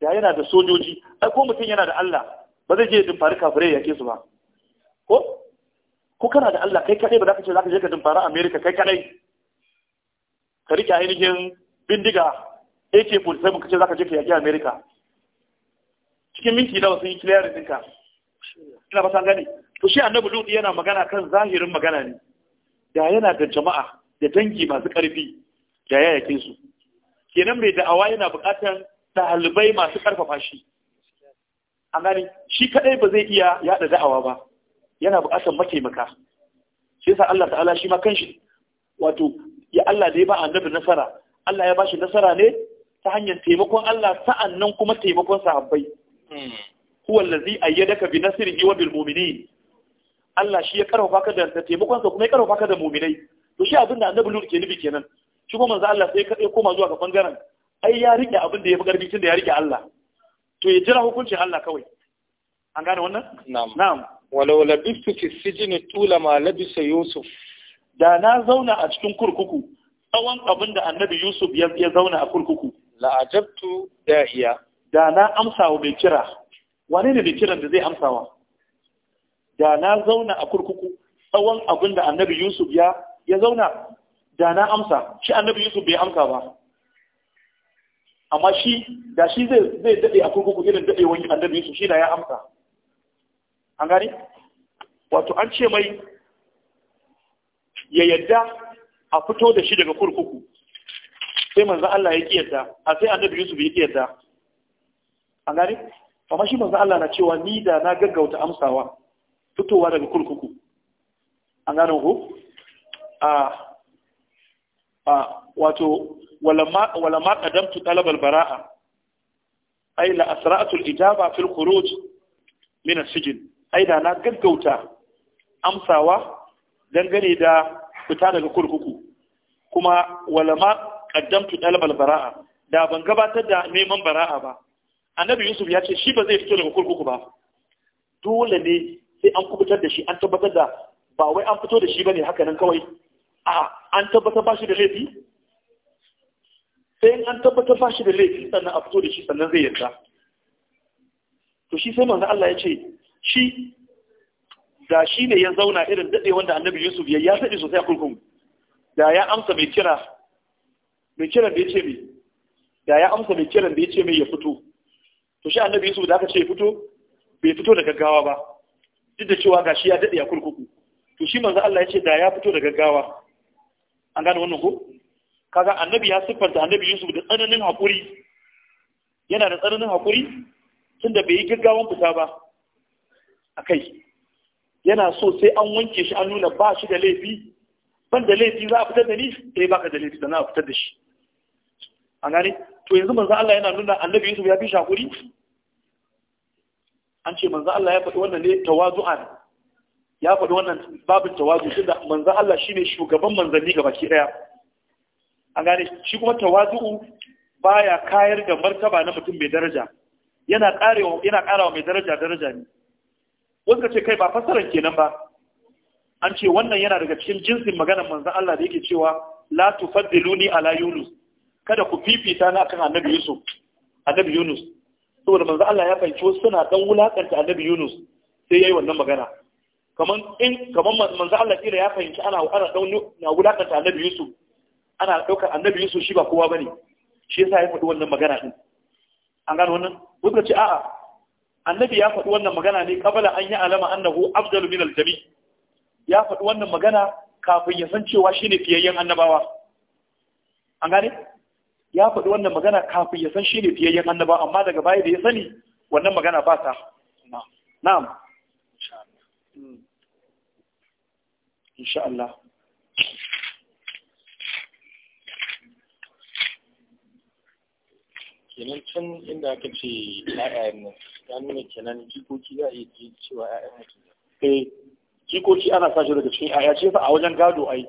da yana da sojoji ai ko mutum yana da Allah ba zai je ya dimfari kafirai ya yake su ba ko ko kana da Allah kai kadai ba za ka ce za ka je ka dimfari America kai kadai ka rike ainihin bindiga AK47 za ka je ka a Amerika. cikin minti nawa sun yi clearing ɗinka ina ba san gane to shi annabi Lut yana magana kan zahirin magana ne da yana da jama'a da dangi masu ƙarfi da ya yake su kenan mai da'awa yana buƙatar ɗalibai masu ƙarfafa shi an gane shi kaɗai ba zai iya yaɗa da'awa ba yana buƙatar mataimaka shi yasa Allah ta'ala shi ma kanshi wato ya Allah da ya ba annabi nasara Allah ya bashi nasara ne ta hanyar taimakon Allah sa'annan kuma taimakon sahabbai hmm. huwa allazi ayyadaka bi nasrihi wa bil mu'minin Allah shi ya karfafa ka da taimakon sa kuma ya karfafa ka da mu'minai to shi abin da annabi Lut ke nufi kenan shi kuma manzo Allah sai ya koma zuwa ga bangaren ai ya rike abin da ya fi karfi tunda ya rike Allah to ya jira hukuncin Allah kawai an gane wannan na'am na'am walau labistu fi sijni tula ma labisa yusuf da na zauna a cikin kurkuku tsawon abin da annabi yusuf ya zauna a kurkuku la'ajabtu da'iya da na amsa wa mai kira wane ne mai kiran da zai amsawa da na zauna a kurkuku tsawon abin da annabi yusuf ya ya zauna da na amsa shi annabi yusuf bai amsa ba amma shi da shi zai zai dade a kurkuku irin dade wani annabi yusuf shi da ya amsa an gani wato an ce mai ya yadda a fito da shi daga kurkuku sai manzan Allah ya ƙi yadda a sai annabi Yusuf ya ƙi yadda a gani amma shi manzan Allah na cewa ni da na gaggauta amsawa fitowa daga kurkuku an gane ku a a wato wala ma qadamtu talab al bara'a ay la asra'tu al ijaba fil khuruj min as sijn ai da na gaggauta amsawa dangane da fita daga kurkuku kuma wala ma Ƙaddamtu talabal bara'a da ban gabatar da neman bara'a ba annabi yusuf ya ce shi ba zai fito daga kurkuku ba dole ne sai an kubutar da shi an tabbatar da ba wai an fito da shi ne haka nan kawai a an tabbatar ba shi da laifi sai an tabbatar ba shi da laifi sannan a fito da shi sannan zai yarda to shi sai manzo Allah ya ce shi da shi ne ya zauna irin daɗe wanda annabi yusuf ya ya saɗi sosai a kurkuku da ya amsa mai kira mai kiran da ya ce mai da ya amsa mai kiran da ya ce mai ya fito to shi annabi yusuf da aka ce ya fito bai fito da gaggawa ba duk da cewa gashi ya daɗe a kurkuku to shi manzo Allah ya ce da ya fito da gaggawa an gane wannan ko kaga annabi ya siffanta annabi yusuf da tsananin haƙuri yana da tsananin haƙuri tunda bai yi gaggawan fita ba a kai yana so sai an wanke shi an nuna ba shi da laifi ban da laifi za a fitar da ni sai eh, baka da laifi sannan a fitar da shi a gane to yanzu manzo Allah yana nuna annabi Yusuf ya fi shakuri an ce manzo Allah ya faɗi wannan ne tawazu'an ya faɗi wannan babin tawazu da manzo Allah shi ne shugaban manzanni gaba baki ɗaya. a gane shi kuma tawazu'u baya kayar da martaba na mutum mai daraja yana ƙarawa yana mai daraja daraja ne wanda ce kai ba fasaran kenan ba an ce wannan yana daga cikin jinsin maganar manzo Allah da yake cewa la tufaddiluni ala yunus kada ku fifita na akan annabi Yusuf annabi Yunus saboda manzo Allah ya fahimci wasu suna dan wulakanta annabi Yunus sai yayi wannan magana kaman in kaman manzo Allah kira ya fahimci ana ana dan na wulakanta annabi Yusuf ana daukar annabi Yusuf shi ba kowa bane shi yasa ya faɗi wannan magana din an gano wannan wanda ce a'a annabi ya faɗi wannan magana ne kabala an yi alama annahu afdalu min aljami ya faɗi wannan magana kafin ya san cewa shine fiyayyen annabawa an gane ya faɗi wannan magana kafin ya san shi ne fiyayyen annaba amma daga baya da ya sani wannan magana ba ta na'am hmm. insha Allah kenan can inda aka ce 'ya'yan nan ya nuna kenan jikoki za a iya cewa ƴaƴan mutum ke eh, jikoki ana sashi daga cikin ya'ya ce fa a wajen gado ai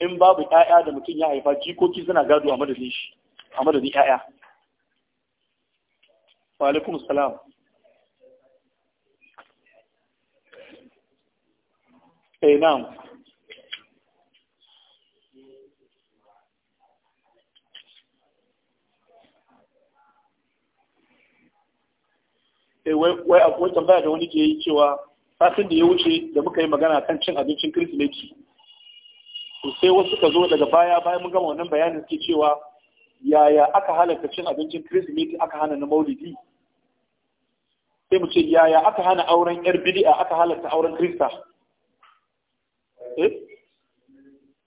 in babu ƴaƴa da mutum ya haifa jikoki suna gado a madadin shi a madadin ƴaƴa wa alaikum salam eh na'am eh, wai akwai tambaya da wani ke yi cewa fasin da ya wuce da muka yi magana kan cin abincin kirsimeti to sai wasu ka zo daga baya bayan mun gama wannan bayanin suke cewa yaya aka halarta cin abincin kirsimeti aka hana na maulidi sai mu ce yaya aka hana auren yar bidi'a aka halarta auren krista eh?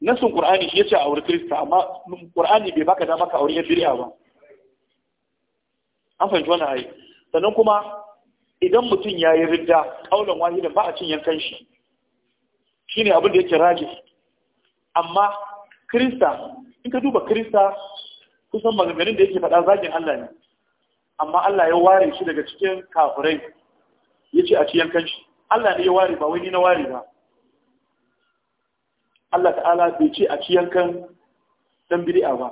nasin qur'ani shi yace auren krista amma qur'ani bai baka dama ka auren yar bidi'a ba an fahimci wannan ayi sannan kuma idan mutum ya yi ridda kaulan wahidan ba a cin yankan shi shine abin da yake rajis amma krista in ka duba krista kusan maganganun da yake faɗa zagin Allah ne amma Allah ya ware shi daga cikin kafirai ya ce a ciyan kan shi Allah ne ya ware ba wani na ware ba Allah ta'ala bai ce a ciyan kan dan bid'a ba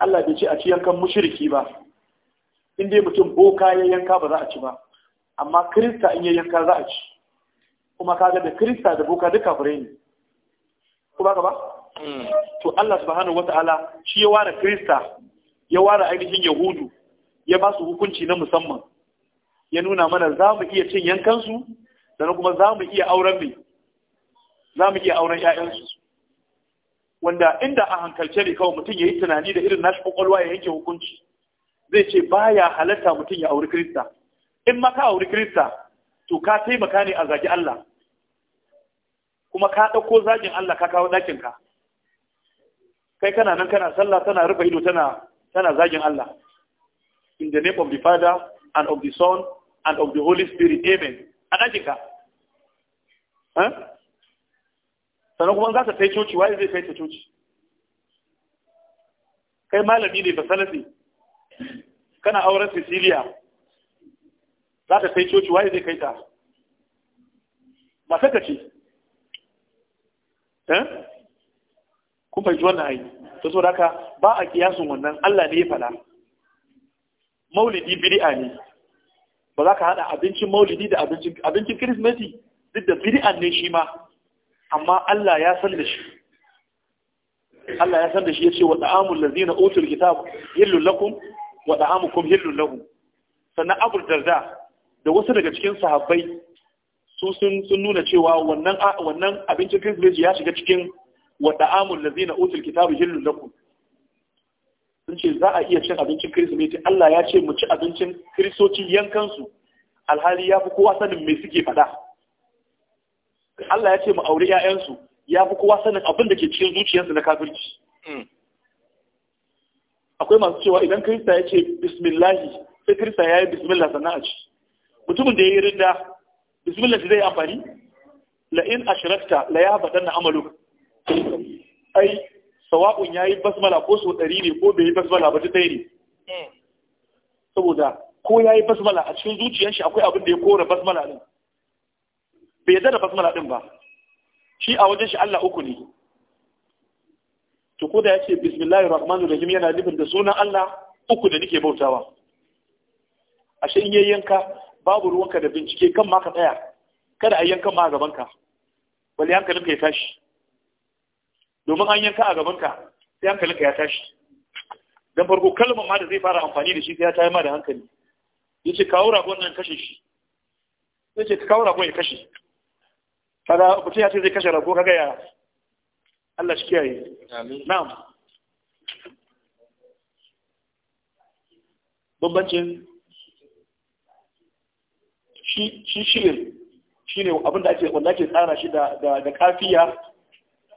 Allah bai ce a ciyan kan mushriki ba in dai mutum boka ya yanka ba za a ci ba amma krista in ya yanka za a ci kuma kaga da krista da boka duka kafirai ne ba ka ba Mm. to Allah subhanahu wata'ala shi ya ware krista ya ware ainihin yahudu ya ba su hukunci na musamman ya nuna mana za mu iya cin yankansu sannan kuma za mu iya auren mai za mu iya auren 'ya'yansu wanda inda a hankalce ne kawai mutum ya yi tunani da irin nashi kwakwalwa ya yanke hukunci zai ce ba ya halatta mutum ya auri kirista in ma ka auri kirista to ka taimaka ne a zagi Allah kuma ka ɗauko zagin Allah ka kawo ɗakinka kai kana nan kana sallah tana rufe ido tana tana zagin Allah in the name of the father and of the son and of the holy spirit amen a eh sanan kuma za ta kai coci waye zai kai ta coci kai malami ne ba salafi kana auren Cecilia za ta kai coci waye zai kai ta ba saka ce kun fahimci wannan ayi to saboda haka ba a kiyasin wannan Allah ne ya faɗa maulidi bid'a ne ba za ka haɗa abincin maulidi da abincin abincin kirismeti duk da bid'a ne shi ma amma Allah ya san da shi Allah ya san da shi yace wa da'amul ladina utul kitab yallu lakum wa da'amukum yallu lahum sannan Abu Darda da wasu daga cikin sahabbai su sun nuna cewa wannan abincin kirismeti ya shiga cikin wa da'amul ladzina utul kitabu hillul lakum sun ce za a iya cin abincin kirsimeti Allah ya ce mu ci abincin kiristoci yankansu alhali ya fi kowa sanin me suke faɗa Allah ya ce mu aure 'ya'yansu ya fi kowa sanin abin da ke cikin zuciyarsu na kafirci hmm. akwai masu cewa idan kirista ya ce bismillahi sai kirista ya yi bismillah sannan a ci mutumin da ya yi rinda bismillah zai zai amfani la in ashrakta la ya badanna na ai sawa'un ya yi basmala ko so ɗari ne ko bai yi basmala ba ta ɗaya ne eh. saboda ko ya yi basmala a cikin zuciyar shi akwai abin da ya kora basmala ɗin bai yadda basmala ɗin ba shi a wajen shi Allah uku ne to koda ya ce bismillahir rahmanir rahim yana nufin da sunan Allah uku da nake bautawa ashe in yayin yanka babu ruwanka da bincike kan maka ka tsaya kada a yanka ma gaban ka bali hankalinka ya tashi domin an yanka a gabanka sai hankalinka ya tashi don farko kalmar ma da zai fara amfani da shi sai ya tayi ma da hankali ce kawo ragon nan kashe shi yace ka kawo ragon ya kashe kaga mutum ya ce zai kashe rago kaga ya Allah shi kiyaye na'am bambancin shi shi ne abin abinda ake wanda ake tsara shi da da kafiya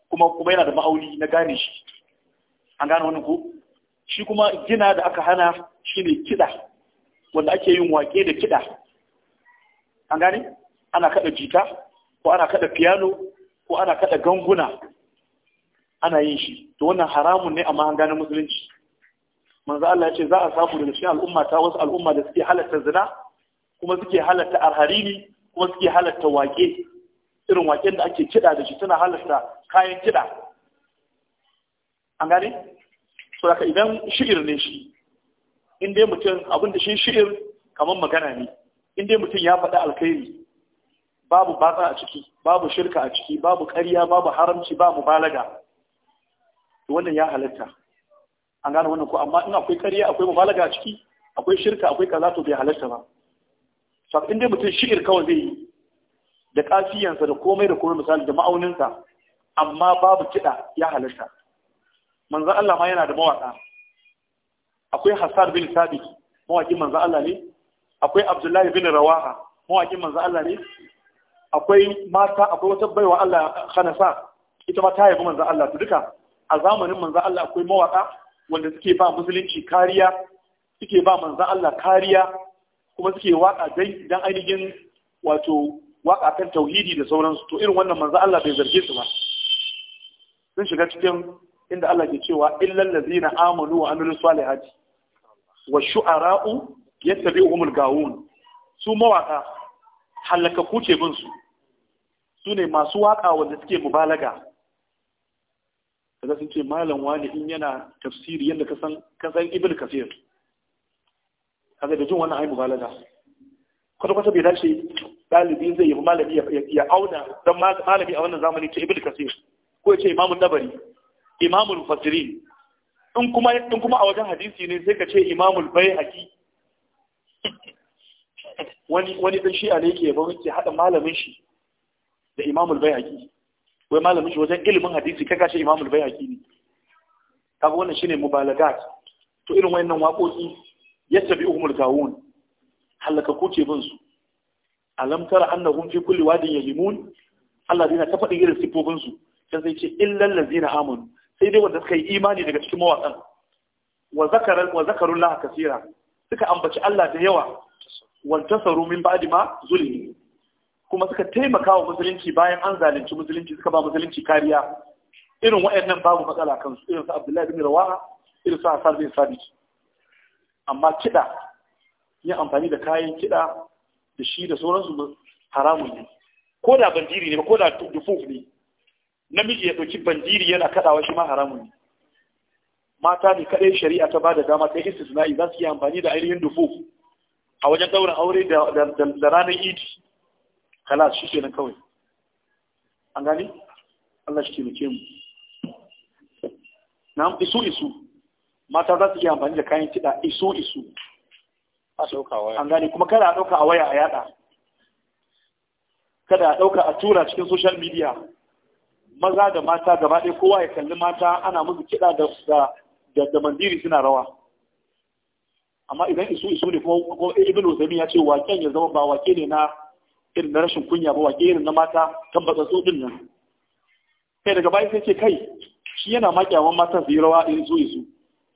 kuma kuma yana da ma'auni na gane shi an gane wannan ku? shi kuma gina da aka hana shi ne kiɗa wanda ake yin waƙe da kiɗa an gane ana kada jita ko ana kada piano ko ana kada ganguna ana yin shi to wannan haramun ne amma an gane musulunci manzo Allah ya ce za a samu daga cikin al'umma ta wasu al'umma da suke halatta zina kuma suke halatta arharini kuma suke halatta waƙe irin waƙen da ake kiɗa da shi suna halatta kayan kiɗa an gane so daga idan shi'ir ne shi in dai mutum abin da shi shi'ir kamar magana ne in dai mutum ya faɗi alkhairi babu batsa a ciki babu shirka a ciki babu ƙarya babu haramci babu balaga wannan ya halatta an gane wannan ko amma in akwai ƙarya akwai mubalaga a ciki akwai shirka akwai kaza to bai halatta ba so in dai mutum shi'ir kawai zai yi da kafiyansa da komai da komai misali da ma'auninsa amma babu kiɗa ya halitta. manzo Allah ma yana da mawaƙa. akwai Hassan bin Sabi mawakin manzo Allah ne akwai Abdullahi bin Rawaha mawakin manzo Allah ne akwai mata akwai wata baiwa Allah Khanasa ita ma ta yabi manzo Allah to duka a zamanin manzo Allah akwai mawaƙa wanda suke ba musulunci kariya suke ba manzo Allah kariya kuma suke waƙa dai dan ainihin wato waƙa kan tauhidi da sauransu to irin wannan manzo Allah bai zarge su ba sun shiga cikin inda Allah ke cewa illal ladzina amanu wa amilus salihati wa shu'ara'u yattabi'uhumul gawun su mawaka halaka kuce bin su su ne masu waka wanda suke mubalaga kaga sun ce malam wani in yana tafsiri yanda ka san ka san ibn kasir kaga da jin wannan ai mubalaga kwata kwata bai dace dalibi zai yi malami ya auna dan malami a wannan zamani ce ibn kasir ko ya ce imamun nabari imamul fasiri in kuma a wajen hadisi ne sai ka ce imamul haki wani wani shi a ne ke bau ke hada malamin shi da imamul haki wai malamin shi wajen ilimin hadisi kai ka ce imamul haki ne kaga wannan ne mubalagat to irin nan waƙoƙi Umar kawun halaka ce bin su A tara Annahun fi kulli wadin yalimun Allah dina ta faɗin irin sifofin su sai zai ce illal ladzina amun sai dai wanda suka yi imani daga cikin mawaƙan wa zakarun wa zakarullah suka ambaci Allah da yawa wal tasaru min ba'di ma zulmi kuma suka taimaka wa musulunci bayan an zalunci musulunci suka ba musulunci kariya irin waɗannan babu matsala kan su irin su Abdullahi bin Rawaha irin su Hassan bin Sabit amma kiɗa yin amfani da kayan kiɗa da shi da sauransu haramun ne ko da bandiri ne ko da dufuf ne namiji ya ɗauki bandiri yana kaɗawa shi ma haramun ne mata ne kaɗai shari'a ta bada dama ta istisna'i za su yi amfani da ainihin dufo a wajen ɗaurin aure da ranar idi kala shi kenan kawai an gani Allah shi taimake mu na isu isu mata za su yi amfani da kayan kiɗa isu isu an gani kuma kada a ɗauka a waya a yada kada a ɗauka a tura cikin social media maza da mata gaba ɗaya kowa ya kalli mata ana musu kiɗa da da da mandiri suna rawa amma idan isu isu ne kuma ko ibn usaimin ya ce waken ya zama ba wake ne na irin na rashin kunya ba wake irin na mata kan tsatsu din nan kai daga bayan sai ce kai shi yana makiyawan matan su yi rawa irin su isu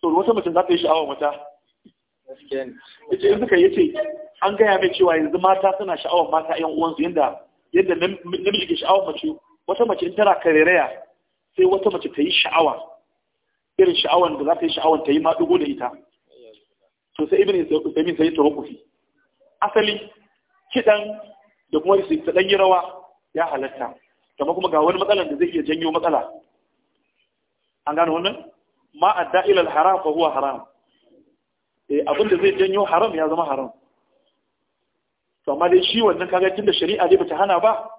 to wata mace za ta yi sha'awar mata yace yanzu kai yace an gaya mai cewa yanzu mata suna sha'awar mata yan uwansu yanda yadda namiji ke sha'awar mace wata mace in tana karereya sai wata mace ta yi sha'awa irin sha'awan da za ta yi sha'awan ta yi maɗugo da ita to sai ibn Uthaymeen sai ta hukufi asali kidan da kuma sai ta dan rawa ya halatta kamar kuma ga wani matsalan da zai iya janyo matsala an gano wannan ma adda ila al-haram fa huwa haram eh abin da zai janyo haram ya zama haram to amma dai shi wannan kaga tunda shari'a dai bata hana ba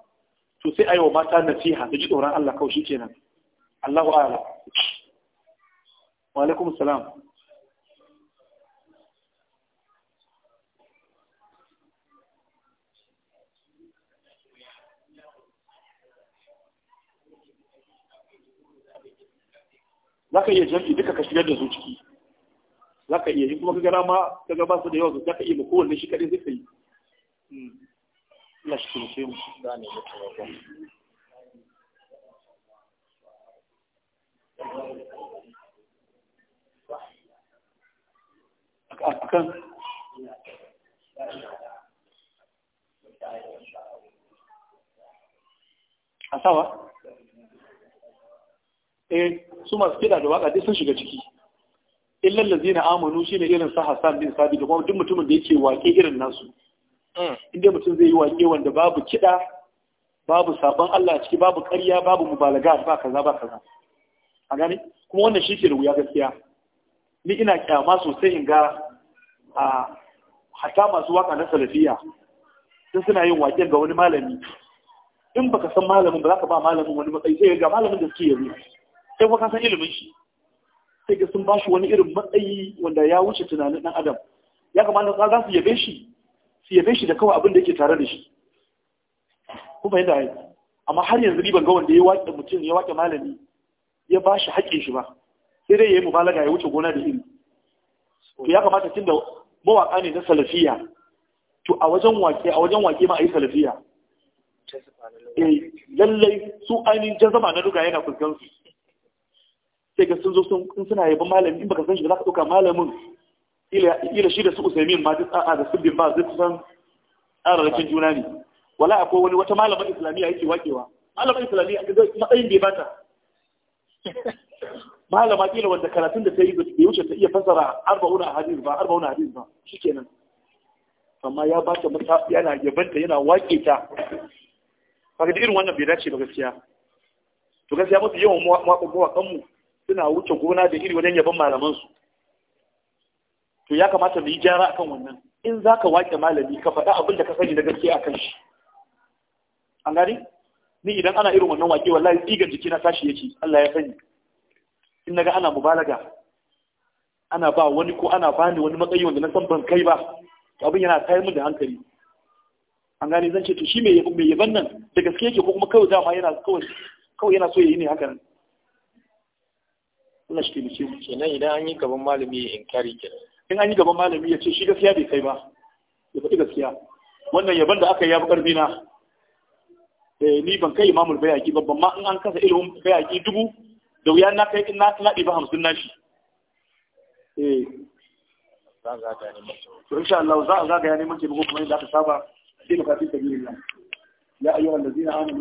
to sai a yi wa mata nasiha da ji tsoron Allah kawai shi kenan Allahu wa alaikum salam za ka iya jam'i duka ka shigar da su ciki za ka iya yi kuma ka gara ma ka gaba su da yawa za ka iya mako wanda shi kaɗin zai ka yi hmm. Allah gane da tawaga akan a eh su masu kida da waƙa sun shiga ciki na zina amanu ne irin sa Hassan bin Sabi da kuma duk mutumin da yake waƙe irin nasu Mm. inda mutum zai yi wake wanda babu kiɗa babu sabon Allah ciki babu ƙarya babu mubalaga ba kaza ba kaza a gani. kuma wannan shi ke da wuya gaskiya ni ina kyama sosai in ga a hata masu waka na salafiya sun suna yin waken ga wani malami in baka san malamin ba za ka ba malamin wani matsayi sai ga malamin da suke yanzu sai kuma ka san ilimin shi sai ga sun ba shi wani irin matsayi wanda ya wuce tunanin dan adam ya kamata za su yabe shi su yabe shi da kawai abin da yake tare da shi kuma yadda ai amma har yanzu ni ban ga wanda ya waƙe mutum ya waƙe malami ya ba shi haƙƙin shi ba sai dai ya yi mubalaga ya wuce gona da iri to ya kamata tun da mawaƙa ne na salafiya to a wajen wake a wajen wake ma a yi salafiya E, lallai su ainihin jazama na duga yana fuskansu sai ga sun zo sun suna yaban malami in baka san shi ba za ka ɗauka malamin ila shi da su usaimin ma duk a'a da subbin ba zai san tsararrakin juna ne wala akwai wani wata malamar islamiyya yake wakewa malamar islamiyya gaza matsayin da ya bata malama kila wanda karatun da ta yi bai wuce ta iya fasara arba'una hadis ba arba'una hadis ba shikenan amma ya bata mata yana yabanta yana wake ta kaga irin wannan bai dace ba gaskiya to gaskiya mafi yawan mawakan mu suna wuce gona da iri wajen yaban malaman su to ya kamata mu yi jara akan wannan in za ka waƙe malami ka faɗa abin da ka sani na a akan shi an gani ni idan ana irin wannan waƙe wallahi tsigar jiki na tashi yake Allah ya sani in naga ana mubalaga ana ba wani ko ana bani wani matsayi wanda na san ban kai ba to abin yana tayar min da hankali an gani zan ce to shi mai me yaban nan da gaske yake ko kuma kawai dama yana kawai kawai yana so yayi ne haka nan Allah shi ke mu kenan idan an yi gaban malami ya inkari kenan in an yi gaban malami ya ce shi gaskiya bai kai ba ya faɗi gaskiya wannan yaban da aka yi ya fi ƙarfi na eh, ni ban kai imamul bayaki babban ma in an kasa ilimin bayaki dubu da wuya na kai na ba hamsin nashi eh insha Allah za a zagaya neman taimako kuma yadda aka saba sai bukatun tabi'in ya ayyuhan lazina amanu